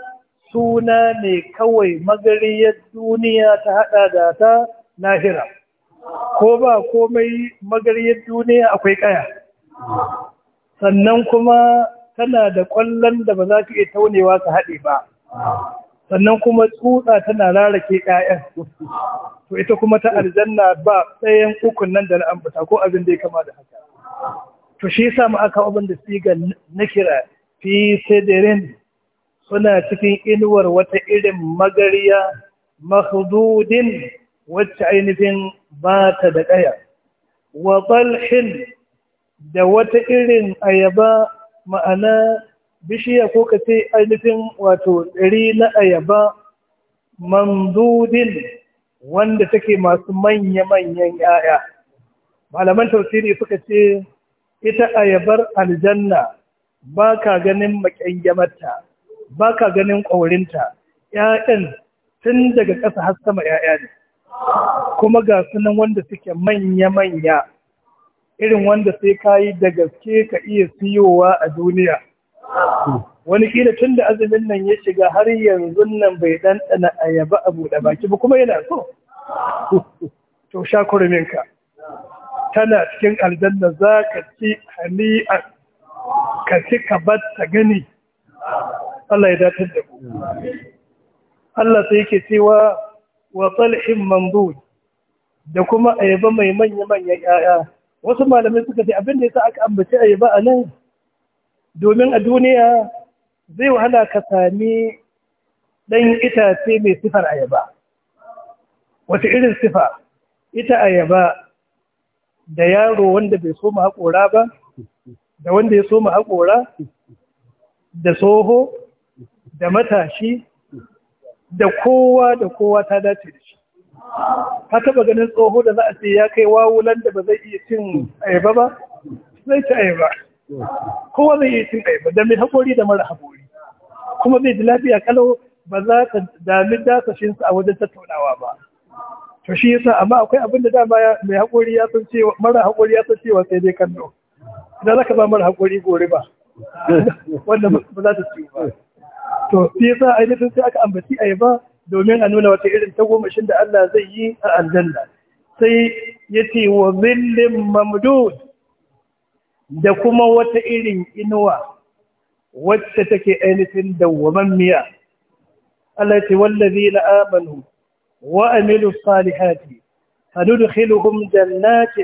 suna ne kawai magariyar duniya ta haɗa da ta lahira ko ba komai magaryar duniya akwai kaya sannan kuma tana da kwallon da ba za ka iya taunewa ka haɗe ba sannan kuma tsutsa tana rarake ƴaƴan to ita kuma ta aljanna ba tsayen ukun nan da na ambata ko abin da ya kama da haka to shi yasa mu aka abin da siga na kira fi Sederin suna cikin inuwar wata irin magariya mahdudin wacce ainihin ba ta da ɗaya. wa ɓalhin da wata irin ayaba ma'ana bishiya ko ka ce ainihin wato ɗari na ayaba mamdudin wanda take masu manya-manyan ‘ya'ya malaman tausiri suka ce ita ayabar aljanna ba ka ganin makyangamarta ba ka ganin ƙaurinta ‘ya'yan tun daga ƙasa har sama ‘ya'ya ne kuma ga sunan wanda suke manya-manya irin wanda sai ka yi da gaske ka iya siyowa a duniya wani kila tun da azumin nan ya shiga har yanzu nan bai ɗanɗana ayaba a buɗe baki ba kuma yana so to sha kurminka tana cikin aljanna za ka ci hani'a ka ci ka bar ta gani Allah ya datar da ku Allah sai yake cewa wa talhin mandud da kuma ayaba mai manya manya ‘ya'ya. Wasu malamai suka ce abin da ya sa aka ambaci ayaba a nan, domin a duniya zai wahala ka sami ɗan itace mai sifar ayaba. Wata irin sifa, ita ayaba da yaro wanda bai soma haƙora ba, da wanda ya soma haƙora, da soho, da matashi, da kowa da kowa ta dace da shi ka taba ganin tsoho da za a ce ya kai wawulan da ba zai iya cin ayaba ba zai ci ayaba kowa zai iya cin ayaba da mai haƙori da mara haƙori kuma zai ji lafiya kalau ba za ka dami dasashinsa a wajen tattaunawa ba to shi yasa amma akwai abin da dama mai haƙori ya san cewa mara haƙori ya san cewa sai dai kallo idan zaka ba mara haƙori gore ba wanda ba za ta ciwo ba to a yasa ainihin sai aka ambaci ayaba domin a nuna wata irin ta tagomashin da Allah zai yi a aljanna sai yace wa zillin mamdud da kuma wata irin inuwa wacce take ainihin miya. Allah ya ce wallazina amanu wa amilu salihati jannatin, جنات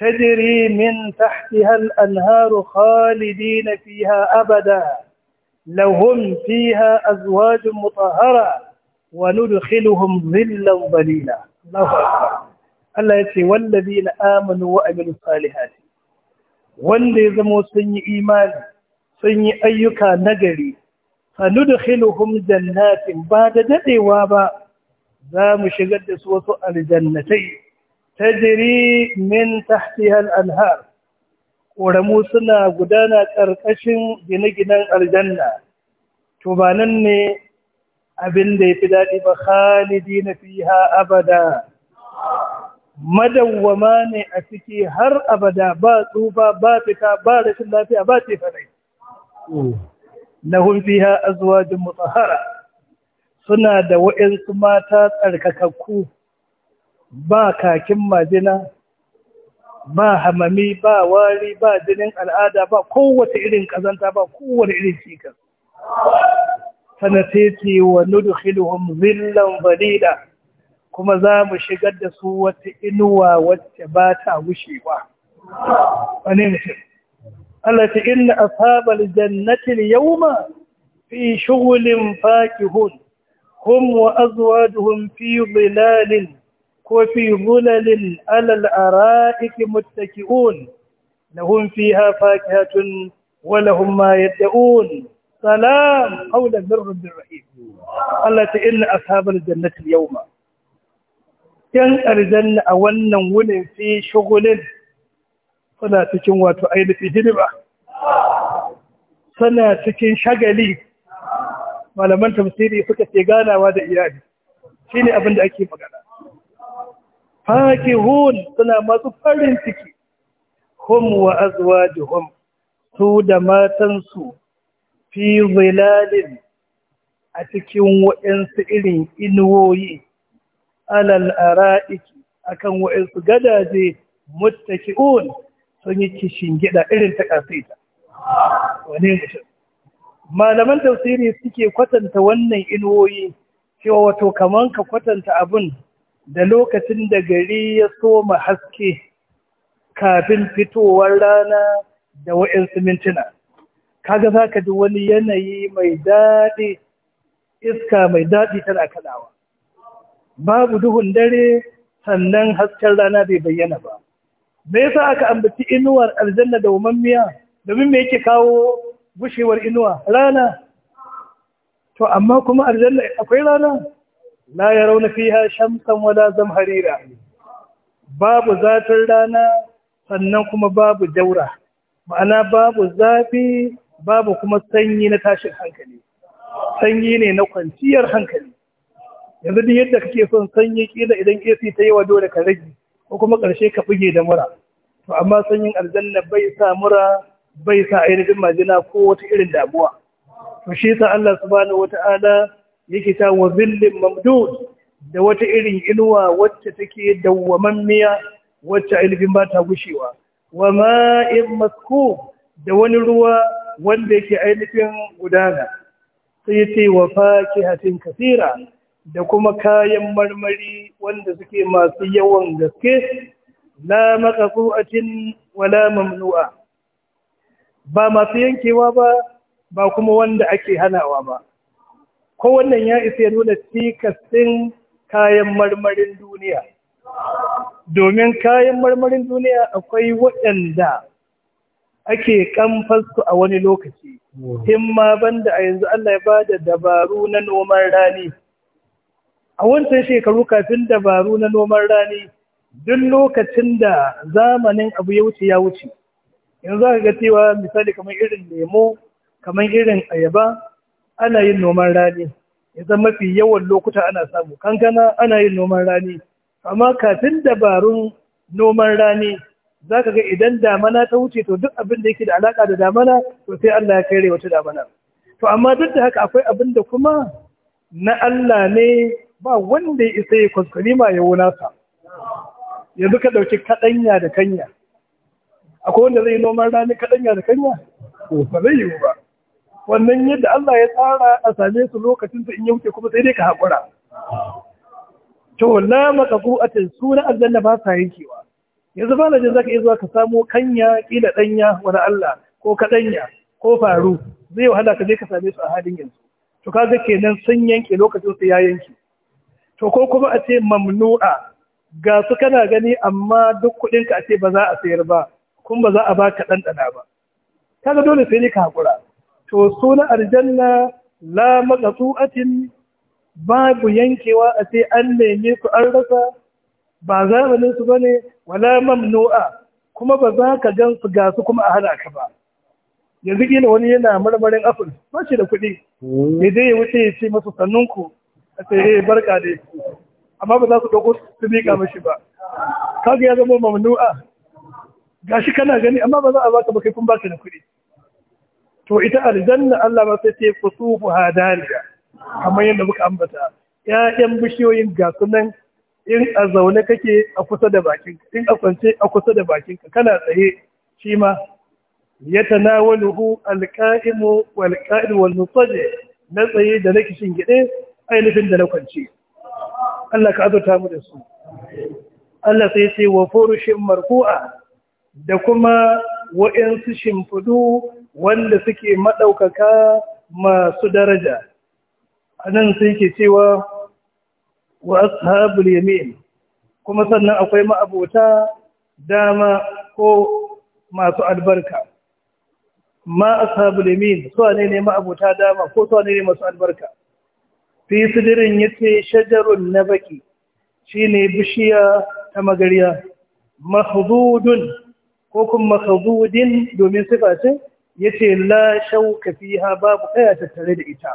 تجري من تحتها anharu khalidina fiha abada. لهم فيها أزواج مطهرة وندخلهم ظلا ظليلا الله أكبر Allah ya ce wallafi na amanu wa aminu wanda ya zama sun yi imani sun yi ayyuka nagari sanudkhiluhum jannatin ba da dadewa ba za mu shigar da su wasu aljannatai tajri min tahtiha al-anhar ƙoramu suna gudana ƙarƙashin gine-ginen aljanna to ba nan ne abin da ya fi daɗi ba khalidi na ha abada madawwama ne a ciki har abada ba tsufa ba fita ba rashin lafiya ba ce farai lahun fiha azwajin mutahara suna da su mata tsarkakakku ba kakin majina ba hamami ba wari ba jinin al'ada ba kowace irin kazanta ba kowace irin cikas sanatiti wa nudkhiluhum zillan balida kuma za mu shigar da su wata inuwa wacce ba ta ba. wani mutum Allah ta inna ashabal jannati al-yawma fi shughulin faqihun hum wa azwajuhum fi dhilalin وفي ظلل على الأرائك متكئون لهم فيها فاكهة ولهم ما يدعون سلام قولا من رب الرحيم التي إن أصحاب الجنة اليوم ‘yan aljanna a wannan wunin fi shugulin suna cikin wato ainihin hidima suna cikin shagali malaman tafsiri suka ce ganawa da iyali shi ne abin da ake magana fakihun suna masu farin ciki hum wa azwajuhum su da matansu fi zilalin a cikin waɗansu irin inuwoyi alal ara'iki akan waɗansu gadaje muttaki'un sun yi kishin gida irin ta kasaita wani mutum malaman tafsiri suke kwatanta wannan inuwoyi cewa wato kaman ka kwatanta abin da lokacin da gari ya soma haske kafin fitowar rana da wa'in simintina, kaga za ka ji wani yanayi mai daɗi iska mai daɗi tana kaɗawa babu duhun dare sannan hasken rana bai bayyana ba me yasa aka ambaci inuwar aljanna da wamammiya domin me yake kawo gushewar inuwa rana to amma kuma aljanna akwai rana la yarawna fiha shamsan wala harira. babu zafin rana sannan kuma babu daura ma'ana babu zafi babu kuma sanyi na tashin hankali sanyi ne na kwanciyar hankali yanzu duk yadda kake son sanyi kila idan AC ta yi wa dole ka rage ko kuma ƙarshe ka buge da mura to amma sanyin aljanna bai sa mura bai sa ainihin majina ko wata irin damuwa to shi sa Allah subhanahu wata'ala yake ta wa zillin mamdud da wata irin inuwa wacce take miya wacce ainihin ba ta gushewa wa ma'in masku da wani ruwa wanda yake ainihin gudana sai yace wa fakihatin kasira da kuma kayan marmari wanda suke masu yawan gaske la maqsu'atin wala mamnu'a ba masu yankewa ba ba kuma wanda ake hanawa ba ko wannan ya isa ya nuna cikastin kayan marmarin duniya domin kayan marmarin duniya akwai waɗanda ake kamfarsu a wani lokaci himma banda a yanzu Allah ya ba da dabaru na noman rani a wancan shekaru kafin dabaru na noman rani duk lokacin da zamanin abu ya wuce ya wuce yanzu aka ga cewa misali kamar irin lemo kamar irin ayaba ana yin noman rani idan mafi yawan lokuta ana samu kankana ana yin noman rani amma kafin dabarun noman rani za ka ga idan damana ta wuce to duk abin da yake da alaka da damana to sai Allah ya kaire wata damana to amma duk da haka akwai abin da kuma na Allah ne ba wanda ya isa ya kuskure ma ya wuna sa yanzu ka dauki kadanya da kanya akwai wanda zai noman rani kadanya da kanya to ba zai yi ba wannan yadda Allah ya tsara a same su lokacin su in yauke kuma sai dai ka haƙura to na la maqqu'atin suna aljanna ba sa yankewa yanzu ba lajin zaka iya zuwa ka samo kanya ƙila ɗanya, wani Allah ko ɗanya ko faru zai wahala ka je ka same su a halin yanzu to kaga kenan sun yanke lokacin su ya yanke to ko kuma a ce mamnu'a ga su kana gani amma duk kuɗinka a ce ba za a sayar ba kuma ba za a ba ka ɗanɗana ba ga dole sai ne ka haƙura to suna aljanna la maqtu'atin babu yankewa a sai an neme su an rasa ba zamanin su bane wala mamnu'a kuma ba za ka gan su ga su kuma a hana ka ba yanzu kila wani yana marmarin apple ba shi da kuɗi ne zai ya wuce ya ce masa sannun a sai ya eh, barka dai amma ba za su ɗauko su miƙa mashi ba kaga ya zama mamnu'a gashi kana gani amma ba za a baka ba kai kun baka da kuɗi to ita aljanna Allah ba sai ce kusubu hadaliya kamar yadda muka ambata ƴaƴan bishiyoyin gasu nan? in a zaune kake a kusa da bakinka in a kwance a kusa da bakinka kana tsaye shi ma yatanawaluhu alqa'imu walqa'idu walmusaje na tsaye da na kishin gide ainihin da na kwance Allah ka azurta mu da su Allah sai ce wa furushin marfu'a da kuma wa'ansu shimfidu wanda suke maɗaukaka masu daraja anan sai ke cewa wa ashabul yamin kuma sannan akwai ma'abota dama ko masu albarka ma ashabul yamin su ne ne ma'abota dama ko su ne ne masu albarka fi sidirin yace shajarun nabaki shine bishiya ta magariya mahdudun ko kuma mahdudin domin sifa ce yace la shauka fiha babu kaya tattare da ita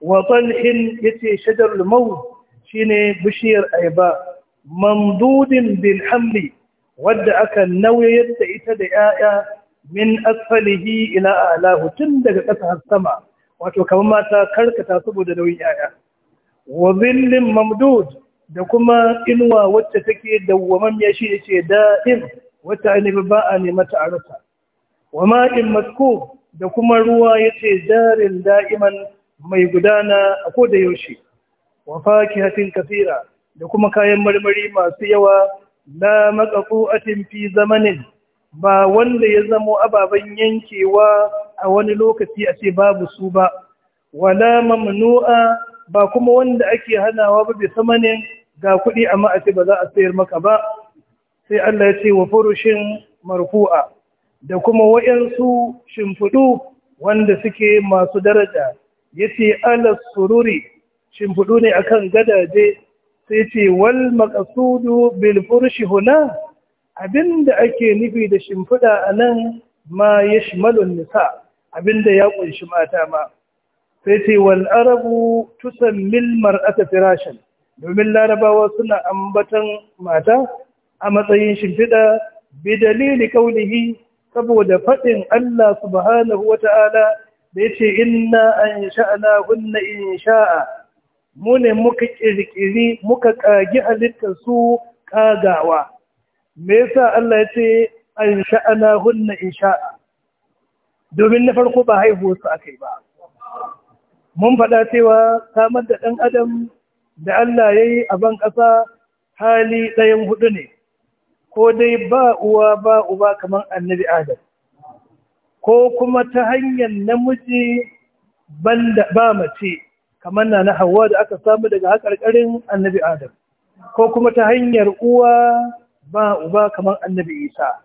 wa talhin yace lumau, shi shine bishiyar ayaba mamdudin bil hamli wadda aka nauyayar da ita da yaya min asfalihi ila alahu tun daga ƙasa har sama wato kamar mata karkata saboda nauyin yaya wa zillin mamdud da kuma inuwa wacce take dawwamammiya shi yace da'in wata ainihin ba a nemata a rasa wa ma'in matko da kuma ruwa ya ce jarin da'iman mai gudana a ko da yaushe wa hatin kafira, da kuma kayan marmari masu yawa Na la a fi zamanin ba wanda ya zamo ababen yankewa a wani lokaci a ce babu su ba wala mamnu'a ba kuma wanda ake hanawa ba bi samanin ga kuɗi a ce ba za a sayar maka ba sai Allah ya ce wa furushin marfu'a da kuma wa'yansu shimfiɗu wanda suke masu daraja ya ce alas sururi shimfiɗu ne akan gadaje sai ce wal makasudu bil furshi huna abinda ake nufi da shimfiɗa a nan ma ya shimalun nisa abinda ya ƙunshi mata ma sai ce wal arabu tusan mil mar'ata firashin domin larabawa suna ambatan mata a matsayin shimfiɗa bi dalili kaulihi saboda faɗin Allah subhanahu wa ta'ala da ya ce inna an sha'ana hunna in sha'a mu ne muka ƙirƙiri muka ƙagi halittar su ƙagawa me yasa Allah ya ce an sha'ana hunna in sha'a domin na farko ba haihuwar su aka yi ba mun faɗa cewa samar da ɗan adam da Allah ya yi a ban ƙasa hali ɗayan hudu ne ko dai ba uwa ba uba kamar annabi adam ko kuma ta hanyar namiji banda ba mace kamar na na hawa da aka samu daga haƙarƙarin annabi adam ko kuma ta hanyar uwa ba uba kamar annabi isa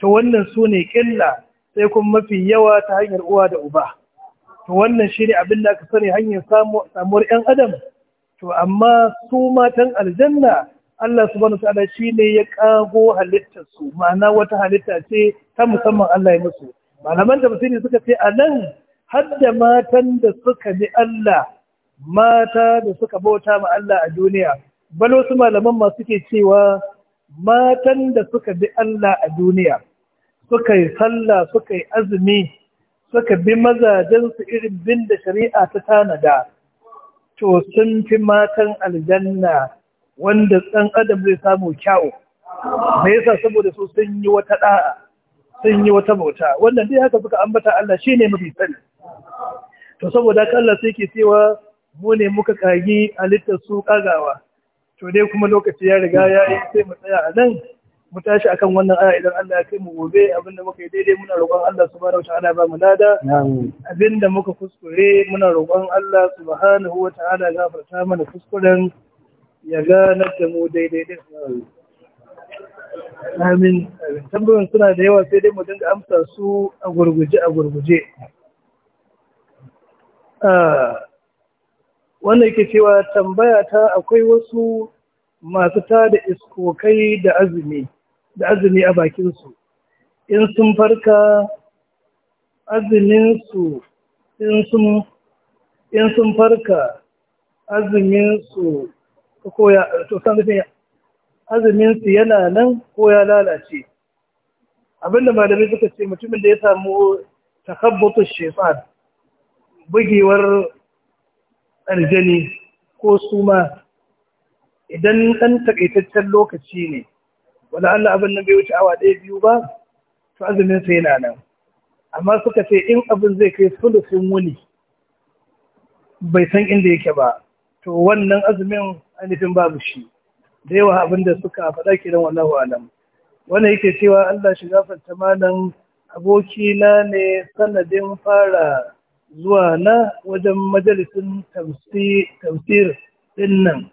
to wannan su ne ƙilla sai kuma mafi yawa ta hanyar uwa da uba to wannan shi ne abin da aka sani hanyar samuwar 'yan adam to amma su matan aljanna Allah subhanahu ta'ala ne ya kago halittar su ma'ana wata halitta ce ta musamman Allah ya musu malaman tafsiri suka ce a nan hadda matan da suka bi Allah mata da suka bauta ma Allah a duniya bal wasu malaman ma suke cewa matan da suka bi Allah a duniya suka yi sallah suka yi azumi suka bi mazajensu irin bin da shari'a ta tanada to sun fi matan aljanna wanda ɗan adam zai samu kyawu me yasa saboda su sun yi wata da'a sun yi wata bauta wannan dai haka suka ambata Allah shi ne mafi sani to saboda haka sai ke cewa mu ne muka kagi halittar su kagawa to dai kuma lokaci ya riga ya yi sai mu tsaya a nan mu tashi akan wannan aya idan Allah ya kai mu gobe abinda muka yi daidai muna roƙon Allah subhanahu wataala ba mu lada abinda muka kuskure muna roƙon Allah subhanahu wataala gafarta mana kuskuren ya gane da mu daidai din amin tambayoyin suna da yawa sai dai mu dinga amsa su a gurguje a gurguje ah, wannan yake cewa tambaya ta akwai wasu masu tada iskokai da azumi da azumi a bakinsu in sun farka azuminsu in sun farka azuminsu ko to san nufin azumin su yana nan ko ya lalace abinda malamai suka ce mutumin da ya samu takabbutu shaytan bugewar aljani ko suma idan ɗan takaitaccen lokaci ne wala Allah abin nan bai wuce awa ɗaya biyu ba to azumin sa yana nan amma suka ce in abin zai kai sulusin wuni bai san inda yake ba to wannan azumin ainihin babu shi da yawa abin da suka faɗa ke kenan wannan wa'alam wannan yake cewa Allah shi gafarta malam abokina ne sanadin fara zuwa na wajen majalisun tafsir din nan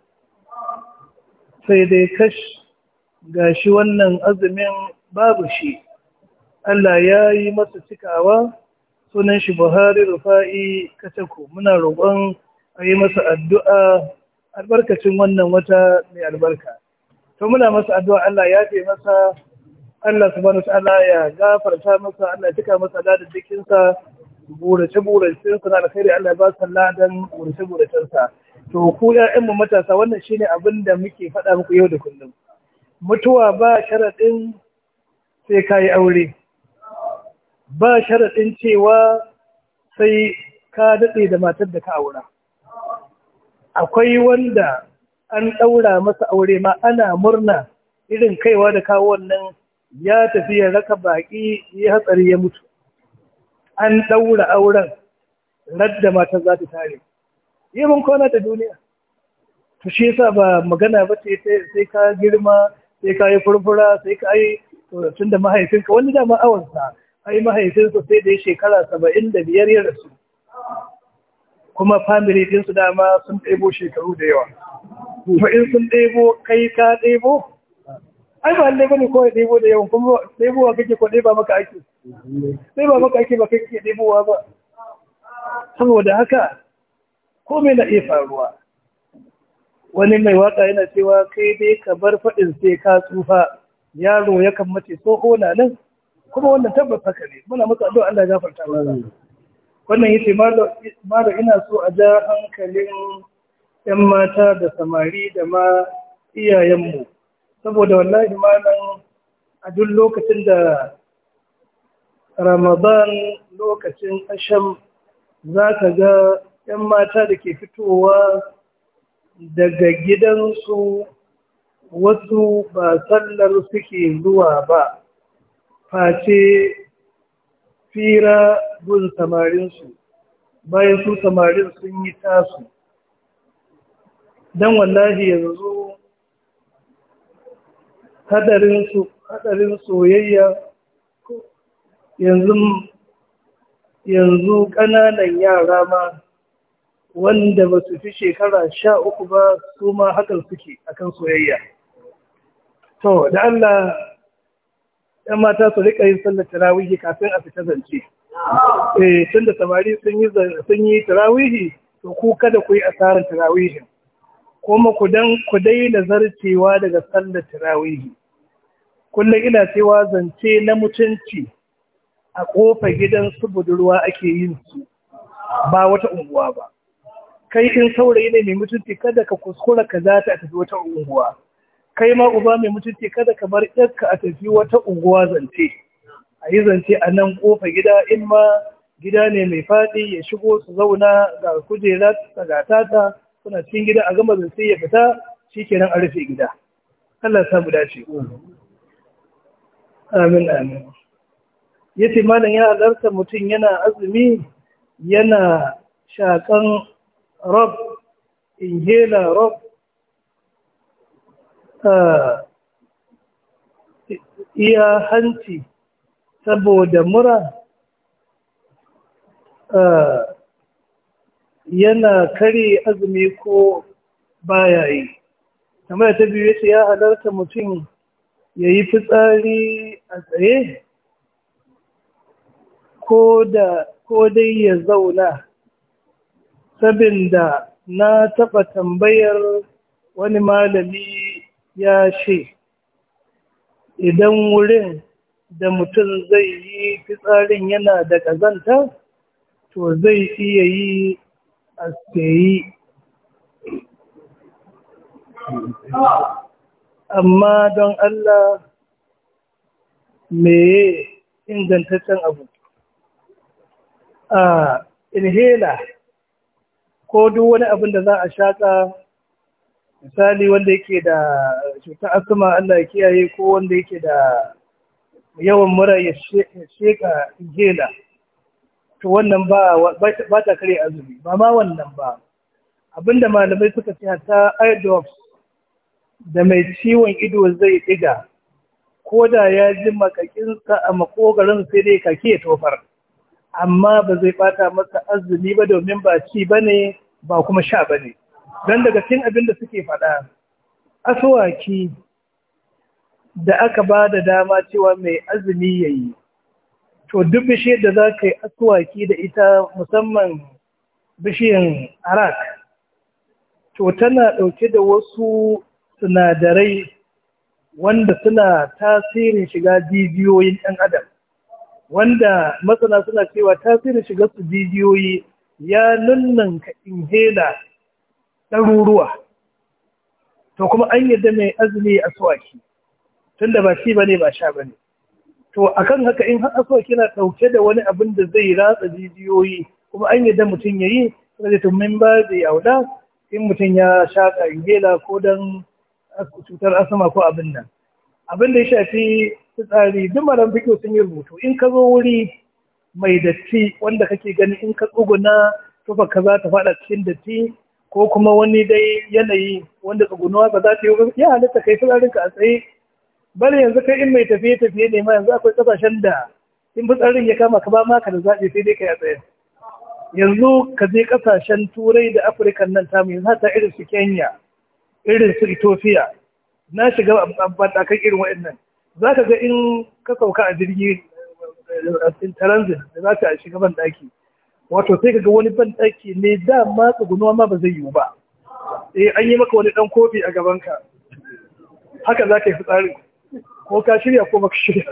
sai dai kash gashi wannan azumin babu shi Allah ya yi masa cikawa sunan shi Buhari Rufa'i Katako muna roƙon a yi masa addu'a albarkacin wannan wata mai albarka to muna masa addu'a Allah ya fi masa Allah subhanahu ta'ala ya gafarta masa Allah ya cika masa ladan cikin sa burace burace sa alkhairi Allah ya ba sa ladan burace buracen sa to ku ƴaƴan mu matasa wannan shine abin da muke faɗa muku yau da kullum mutuwa ba sharadin sai kai aure ba sharadin cewa sai ka daɗe da matar da ka aura akwai wanda an ɗaura masa aure ma ana murna irin kaiwa da kawo wannan ya tafi ya raka baƙi ya hatsari ya mutu an ɗaura auren radda mata za ta tare yi mun kona ta duniya to shi yasa ba magana ba ce sai ka girma sai ka yi furfura sai ka yi tun da mahaifinka wani dama awansa ai mahaifinsa sai da ya shekara saba'in da biyar ya rasu kuma family din su dama sun ɗebo shekaru da yawa to in sun ɗebo kai ka ɗebo ai ba lalle bane ko ya ɗebo da yawa. kuma wa kake ko ɗeba maka ake ɗeba maka ake ba kake ɗebowa ba saboda haka komai na iya faruwa wani mai waka yana cewa kai dai ka bar faɗin sai ka tsufa yaro yakan mace tsoho na nan kuma wannan tabbas haka ne muna masa addu'a Allah ya gafarta mana wannan yace malam ina so a ja hankalin yan mata da samari da ma iyayenmu saboda wallahi malam a duk lokacin da ramadan lokacin asham za ka ga yan mata da ke fitowa daga gidansu wasu ba sallar suke zuwa ba face fira gun samarinsu bayan su samarin sun yi tasu don wallahi yanzu hadarin soyayya yanzu yanzu ƙananan yara ma wanda ba su fi shekara sha uku ba su ma hakan suke akan soyayya to da Allah ‘yan mata su riƙa yin sallar tarawihi kafin a fita zance. eh tun da samari sun yi sun tarawihi to ku kada ku yi asarar tarawihi kuma ku dan ku zarcewa daga sallar tarawihi kullum ina cewa zance na mutunci a kofa gidan su budurwa ake yin su ba wata unguwa ba kai in saurayi ne mai mutunci kada ka kuskura ka za ta tafi wata unguwa kai ma uba mai mutunci kada ka bar yarka a tafi wata unguwa zance a yi zance a nan kofa gida in ma gida ne mai faɗi ya shigo su zauna ga kujera ta ga tata suna cikin gida a gama zance ya fita shi kenan a rufe gida Allah samu dace amin amin yace malam ya halarta mutum yana azumi yana shakan rob inhela rob ah, iya hanci saboda mura yana kare azumi ko baya yi kamar ta biyu ya ce ya halarta mutum ya yi fitsari a tsaye ko dai ya zauna sabinda na taɓa tambayar wani malami ya ce idan wurin da mutum zai yi fitsarin yana da ƙazanta to zai iya yi a tsaye amma don Allah meye ingantaccen abu a inhaler ko duk wani abin da za a shaƙa misali wanda yake da cutar asma Allah ya kiyaye ko wanda yake da yawan mura ya sheka jela to wannan ba ta kare azumi ba ma wannan ba abinda malamai suka ce ta idols da mai ciwon ido zai diga ko da ya ji makakinsa a makogarin sai dai kake tofar amma ba zai bata masa azumi ba domin ba ci ba ne ba kuma sha ba ne don daga cikin abin da suke faɗa asuwaki da aka ba da dama cewa mai azumi ya yi to duk bishiyar da za ka yi asuwaki da ita musamman bishiyar arak to tana ɗauke da wasu sinadarai wanda suna tasirin shiga jijiyoyin ɗan adam wanda masana suna cewa tasirin shiga su jijiyoyi ya in inhela ɗaruruwa to kuma an yadda mai azumi a suwaki tunda ba shi bane ba sha bane to akan haka in har aso kina ɗauke da wani abin da zai ratsa jijiyoyi kuma an yi da mutum yayi sai to min ba da yauda in mutum ya sha kangela ko dan cutar asma ko abin nan abin da ya shafi tsari duk maran fikiyo sun yi rubutu in ka zo wuri mai datti wanda kake gani in ka tsuguna tufa ka za ta faɗa cikin datti ko kuma wani dai yanayi wanda tsugunuwa ba za ta yi ya halitta kai firarinka a tsaye bari yanzu kai in mai tafiye tafiye ne ma yanzu akwai kasashen da in fitsarin ya kama ka ba ma da zaɓe sai dai ka ya tsaye yanzu ka je kasashen turai da afirka nan ta yanzu zata irin su kenya irin su ethiopia na shiga bandakan irin waɗannan za ka ga in ka sauka a jirgi in transit da za ka shiga banɗaki? wato sai ka ga wani banɗaki ne dama tsugunuwa ma ba zai yiwu ba eh an yi maka wani dan kofi a gaban ka. haka za ka yi fitsarin ko ka shirya ko baka shirya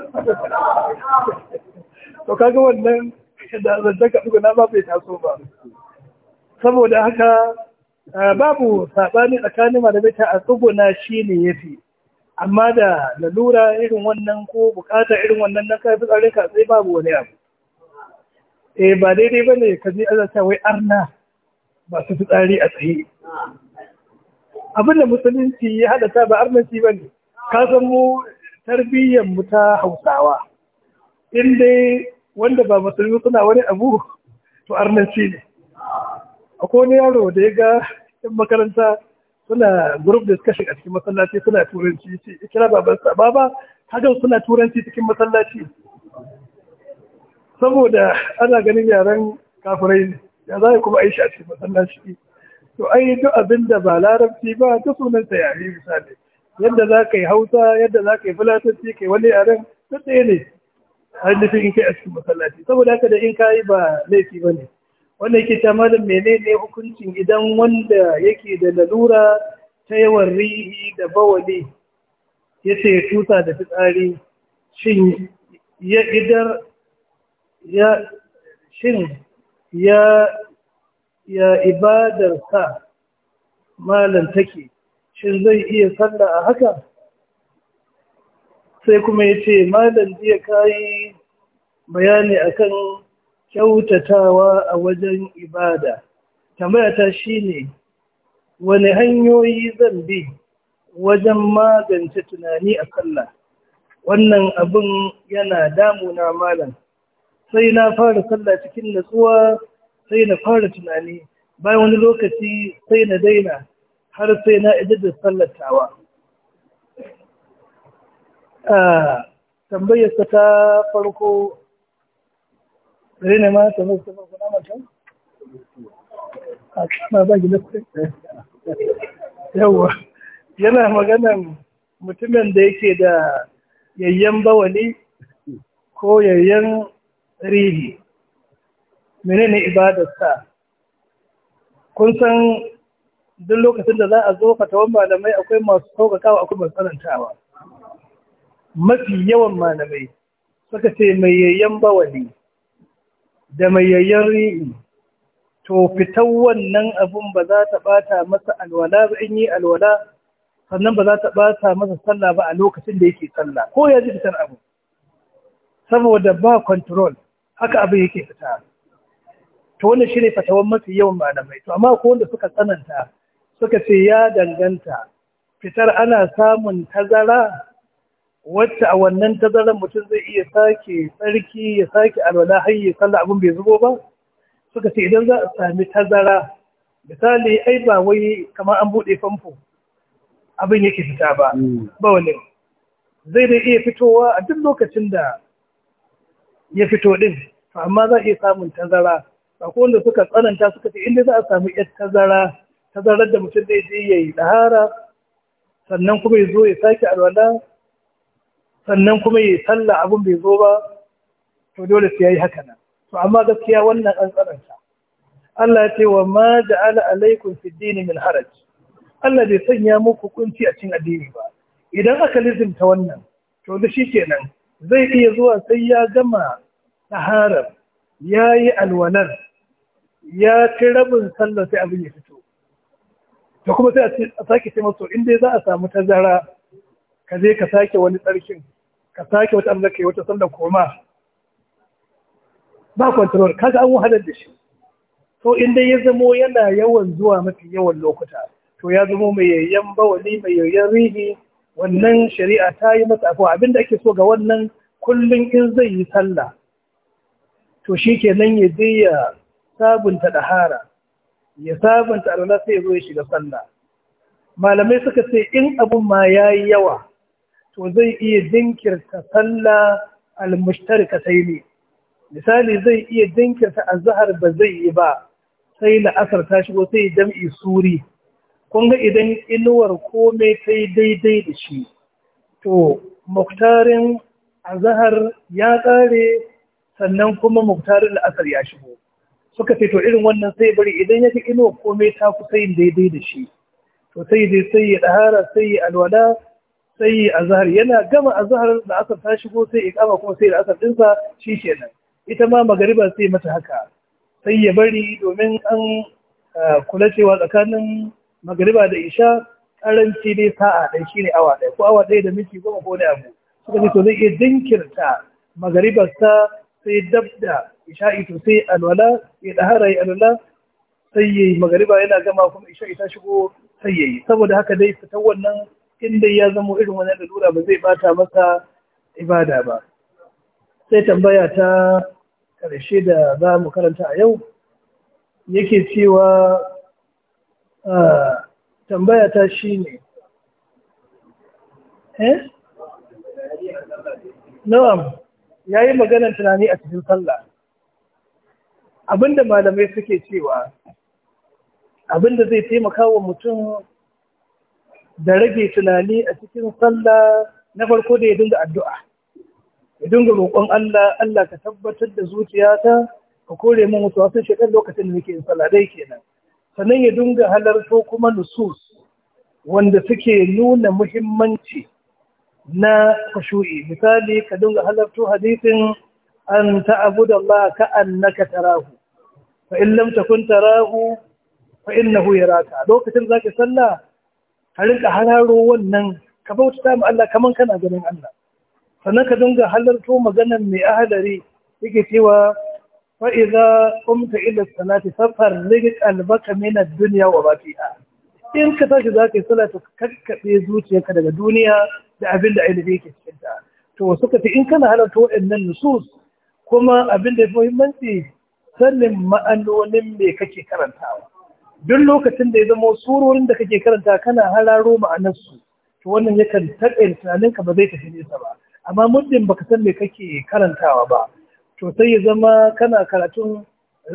to kaga wannan da zancen ka na ba bai taso ba saboda haka eh, babu saɓani tsakanin malamai ta a tsuguna shi ne ya fi amma da lalura irin wannan ko bukata irin wannan na kai fitsarin ka sai babu wani abu eh ba daidai ne, ka je ta wai arna ba su fitsari a tsaye abin da musulunci ya hada ta ba arnanci bane ka san mu tarbiyyar mu ta hausawa in dai wanda ba musulmi suna wani abu to arnanci ne akwai wani yaro da ya ga yan makaranta suna group discussion a cikin masallaci suna turanci ce kira babansa baba hakan suna turanci cikin masallaci saboda ana ganin yaren kafirai ne ya za kuma aisha a cikin masallaci to ai duk abin da ba larabci ba ta ta yare misali yadda za ka yi hausa yadda za ka yi fulatanci ka yi wani yaren duk ne. ne ainihin in kai a cikin masallaci saboda haka da in ka yi ba laifi ba ne wannan yake ta malam menene hukuncin idan wanda yake da lalura ta yawan rihi da bawali ya ce ya tuta da fitsari shin ya idar ya shin ya ya ibadarsa malam take Shin zai iya salla a haka sai kuma ya ce malam jiya kayi bayani akan kyautatawa a wajen ibada tambayata shine wani hanyoyi zan bi wajen magance tunani a sallah wannan abin yana damuna malam sai na fara sallah cikin natsuwa sai na fara tunani bayan wani lokaci sai na daina har sai na ita da sallatawa tambayar ta ta farko gare ne ma tambayarsa ta farko na mata? a kama ba gida kudin yawwa yana maganan mutumin da yake da yayyan bawali ko yayyan rihi Mene ne ibadarsa kun san duk lokacin da za a zo fatawan malamai akwai masu sauƙaƙawa akwai masu tsanantawa mafi yawan malamai suka ce mai yayyan bawali da mai yayyan ri'i to fitan wannan abun ba za ta ɓata masa alwala ba in yi alwala sannan ba za ta ɓata masa sallah ba a lokacin da yake tsalla ko ya ji fitar abu saboda ba kontrol haka abin yake fita to wannan shine fatawan mafi yawan malamai to amma ko wanda suka tsananta suka ce ya danganta fitar ana samun tazara wacce a wannan tazarar mutum zai iya sake tsarki ya sake alwala har ya salla abin bai zubo ba suka ce idan za a sami tazara misali ai ba wai kamar an buɗe famfo abin yake fita ba hmm. ba wani zai dai iya fitowa a duk lokacin da ya fito din amma za a iya samun tazara ba suka tsananta suka ce inda za a samu yar tazara tazarar da mutum zai je ya yi ɗahara sannan kuma ya zo ya sake alwala sannan kuma ya sallah abin bai zo ba to dole sai ya yi haka nan to amma gaskiya wannan an tsaranta. Allah ya ce wa ma ja'ala alaikum fid min haraj Allah bai sanya muku kunci a cikin addini ba idan aka lizimta wannan to da shi kenan zai iya zuwa sai ya gama taharar ya yi alwalar ya ci rabin sallar sai abin ya fito to kuma sai a sake ce masu inda za a samu ta zara, ka je ka sake wani tsarkin ka sake wata amsa kai wata sallar koma ba kwantarwar ga an wahalar da shi to inda ya zamo yana yawan zuwa mafi yawan lokuta to ya zamo mai yayyan bawali mai yayyan rihi wannan shari'a ta yi masa afuwa abinda ake so ga wannan kullum in zai yi sallah to shi kenan ya je ya sabunta hara. ya sabunta alwala sai ya zo ya shiga sallah malamai suka ce in abun ma ya yi yawa to zai iya jinkirta sallah ka sai ne misali zai iya jinkirta azhar ba zai yi ba sai la'asar ta shigo sai jam'i suri kun ga idan inuwar komai ta yi daidai da shi to muktarin azahar ya kare sannan kuma muktarin la'asar ya shigo suka ce to irin wannan sai bari idan ya ga inuwa komai ta kusa yin daidai da shi to sai dai sai ya dahara sai ya alwala sai ya azhar yana gama azhar da aka ta shigo sai ya kama kuma sai da aka dinsa shi kenan ita ma magariba sai mata haka sai ya bari domin an kula cewa tsakanin magariba da isha karanci ne sa'a ɗaya shine awa ɗaya ko awa ɗaya da minti goma ko wani abu suka ce to zai iya jinkirta ta sai dabda. isha'i to sai alwala ya dahara ya alwala sai yayi magariba yana gama kuma isha'i ta shigo sai yayi saboda haka dai fitar wannan inda ya zama irin wannan lalura ba zai bata masa ibada ba sai tambaya ta karshe da za mu karanta a yau yake cewa tambaya ta shine eh na'am yayi maganar tunani a cikin sallah Abin da malamai suke cewa abin da zai taimaka wa mutum da rage tunani a cikin sallah na farko da ya dinga addu'a ya dinga roƙon Allah Allah ka tabbatar da zuciyata ka kore min wasu wasu shekar lokacin da nake yin sallah dai kenan sannan ya dinga halarto kuma nusus wanda suke nuna muhimmanci na kashu'i misali ka dinga halarto hadisin an ta'budu Allah ka annaka tarahu fa in lam takun tarahu fa innahu yaraka lokacin zaka sallah ka rinka hararo wannan ka bauta ma Allah kaman kana ganin Allah sannan ka dinga halarto maganar mai ahadari yake cewa fa idza qumta ila salati safar, rijq albaka min ad-dunya wa ma in ka tashi zaka yi salata kakkabe zuciyarka daga duniya da abin da ainihi yake cikin ta to suka fi in kana halarta waɗannan nusus kuma abin da ya fi muhimmanci sanin ma'anonin me kake karantawa duk lokacin da ya zama surorin da kake karanta kana hararo ma'anarsu to wannan yakan tunanin ka ba zai tafi nesa ba amma muddin baka san me kake karantawa ba to sai ya zama kana karatun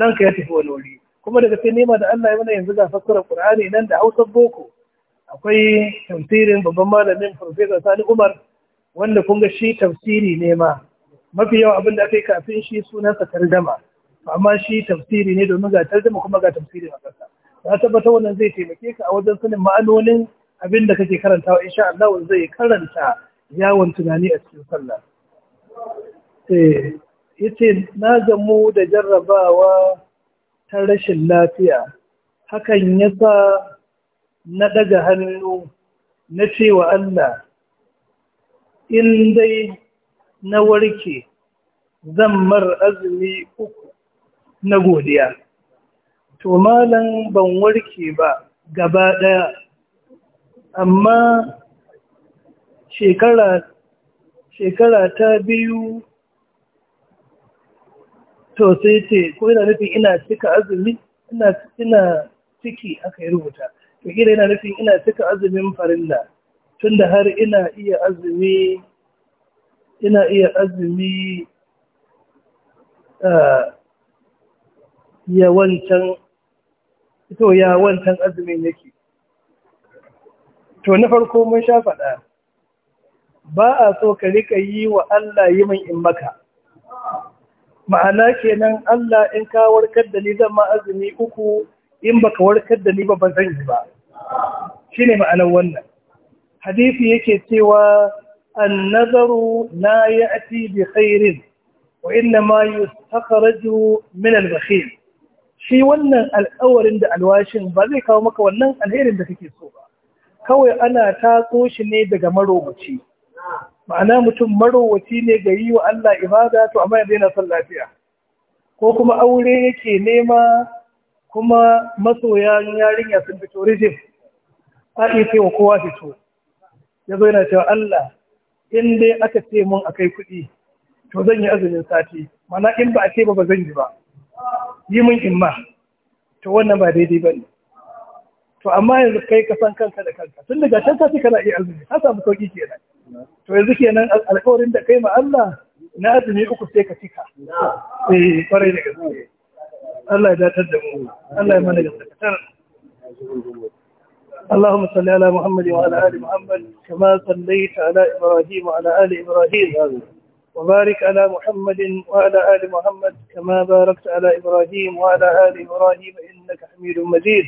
ranka ya tafi wani wuri kuma daga sai nema da Allah ya mana yanzu ga fassara Qur'ani nan da Hausar boko akwai tafsirin babban malamin Professor Sani Umar wanda kun ga shi tafsiri ne ma mafi yawa abin da aka yi kafin shi sunansa tardama amma shi tafsiri ne domin ga tarjuma kuma ga tafsirin a ƙasa a tabbata wannan zai taimake ka a wajen sanin ma'anonin abin da kake karantawa insha Allah zai karanta yawon tunani a cikin sallah eh yace na gamu da jarrabawa ta rashin lafiya hakan yasa na ɗaga hannu na cewa Allah in dai na warke zan mar azumi uku na godiya to malam ban warke ba gaba ɗaya amma shekara shekara ta biyu to sai ce ko yana nufin ina cika azumi ina ina ciki aka yi rubuta to gida yana nufin ina cika azumin farilla tunda har ina iya azumi ina iya azumi ah, ya wancan azumin yake to na farko mun sha faɗa ba a so ka rika yi wa Allah yi min in maka ma'ana kenan Allah in ka warkar da ni zan ma azumi uku in baka warkar da ni ba ba zan yi ba shine ma'anar wannan hadisi yake cewa an-nazaru la ya'ti bi khairin wa inna ma yustakhraju min al-bakhil shi wannan alkawarin da alwashin ba zai kawo maka wannan alherin da kake so ba kawai ana tatso shi ne daga marowaci ma'ana mutum marowaci ne ga yi wa Allah ibada to amma yanzu yana son lafiya ko kuma aure yake nema kuma masoyan yarinya sun fito rijin a iya ce wa kowa fito ya zo yana cewa Allah in dai aka ce mun akai kuɗi to zan yi azumin sati ma'ana in ba a ce ba ba zan yi ba yi min imma to wannan ba daidai ba ne to amma yanzu kai ka san kanka da kanka tun daga can ka kana iya azumi ka samu sauki kenan to yanzu kenan alƙawarin da kai ma Allah na azumi uku sai ka cika eh kwarai da gaske Allah ya datar da mu Allah ya mana gaskatar اللهم صل على محمد وعلى ال محمد كما صليت على ابراهيم وعلى ال ابراهيم وبارك على محمد وعلى آل محمد كما باركت على إبراهيم وعلى آل إبراهيم إنك حميد مجيد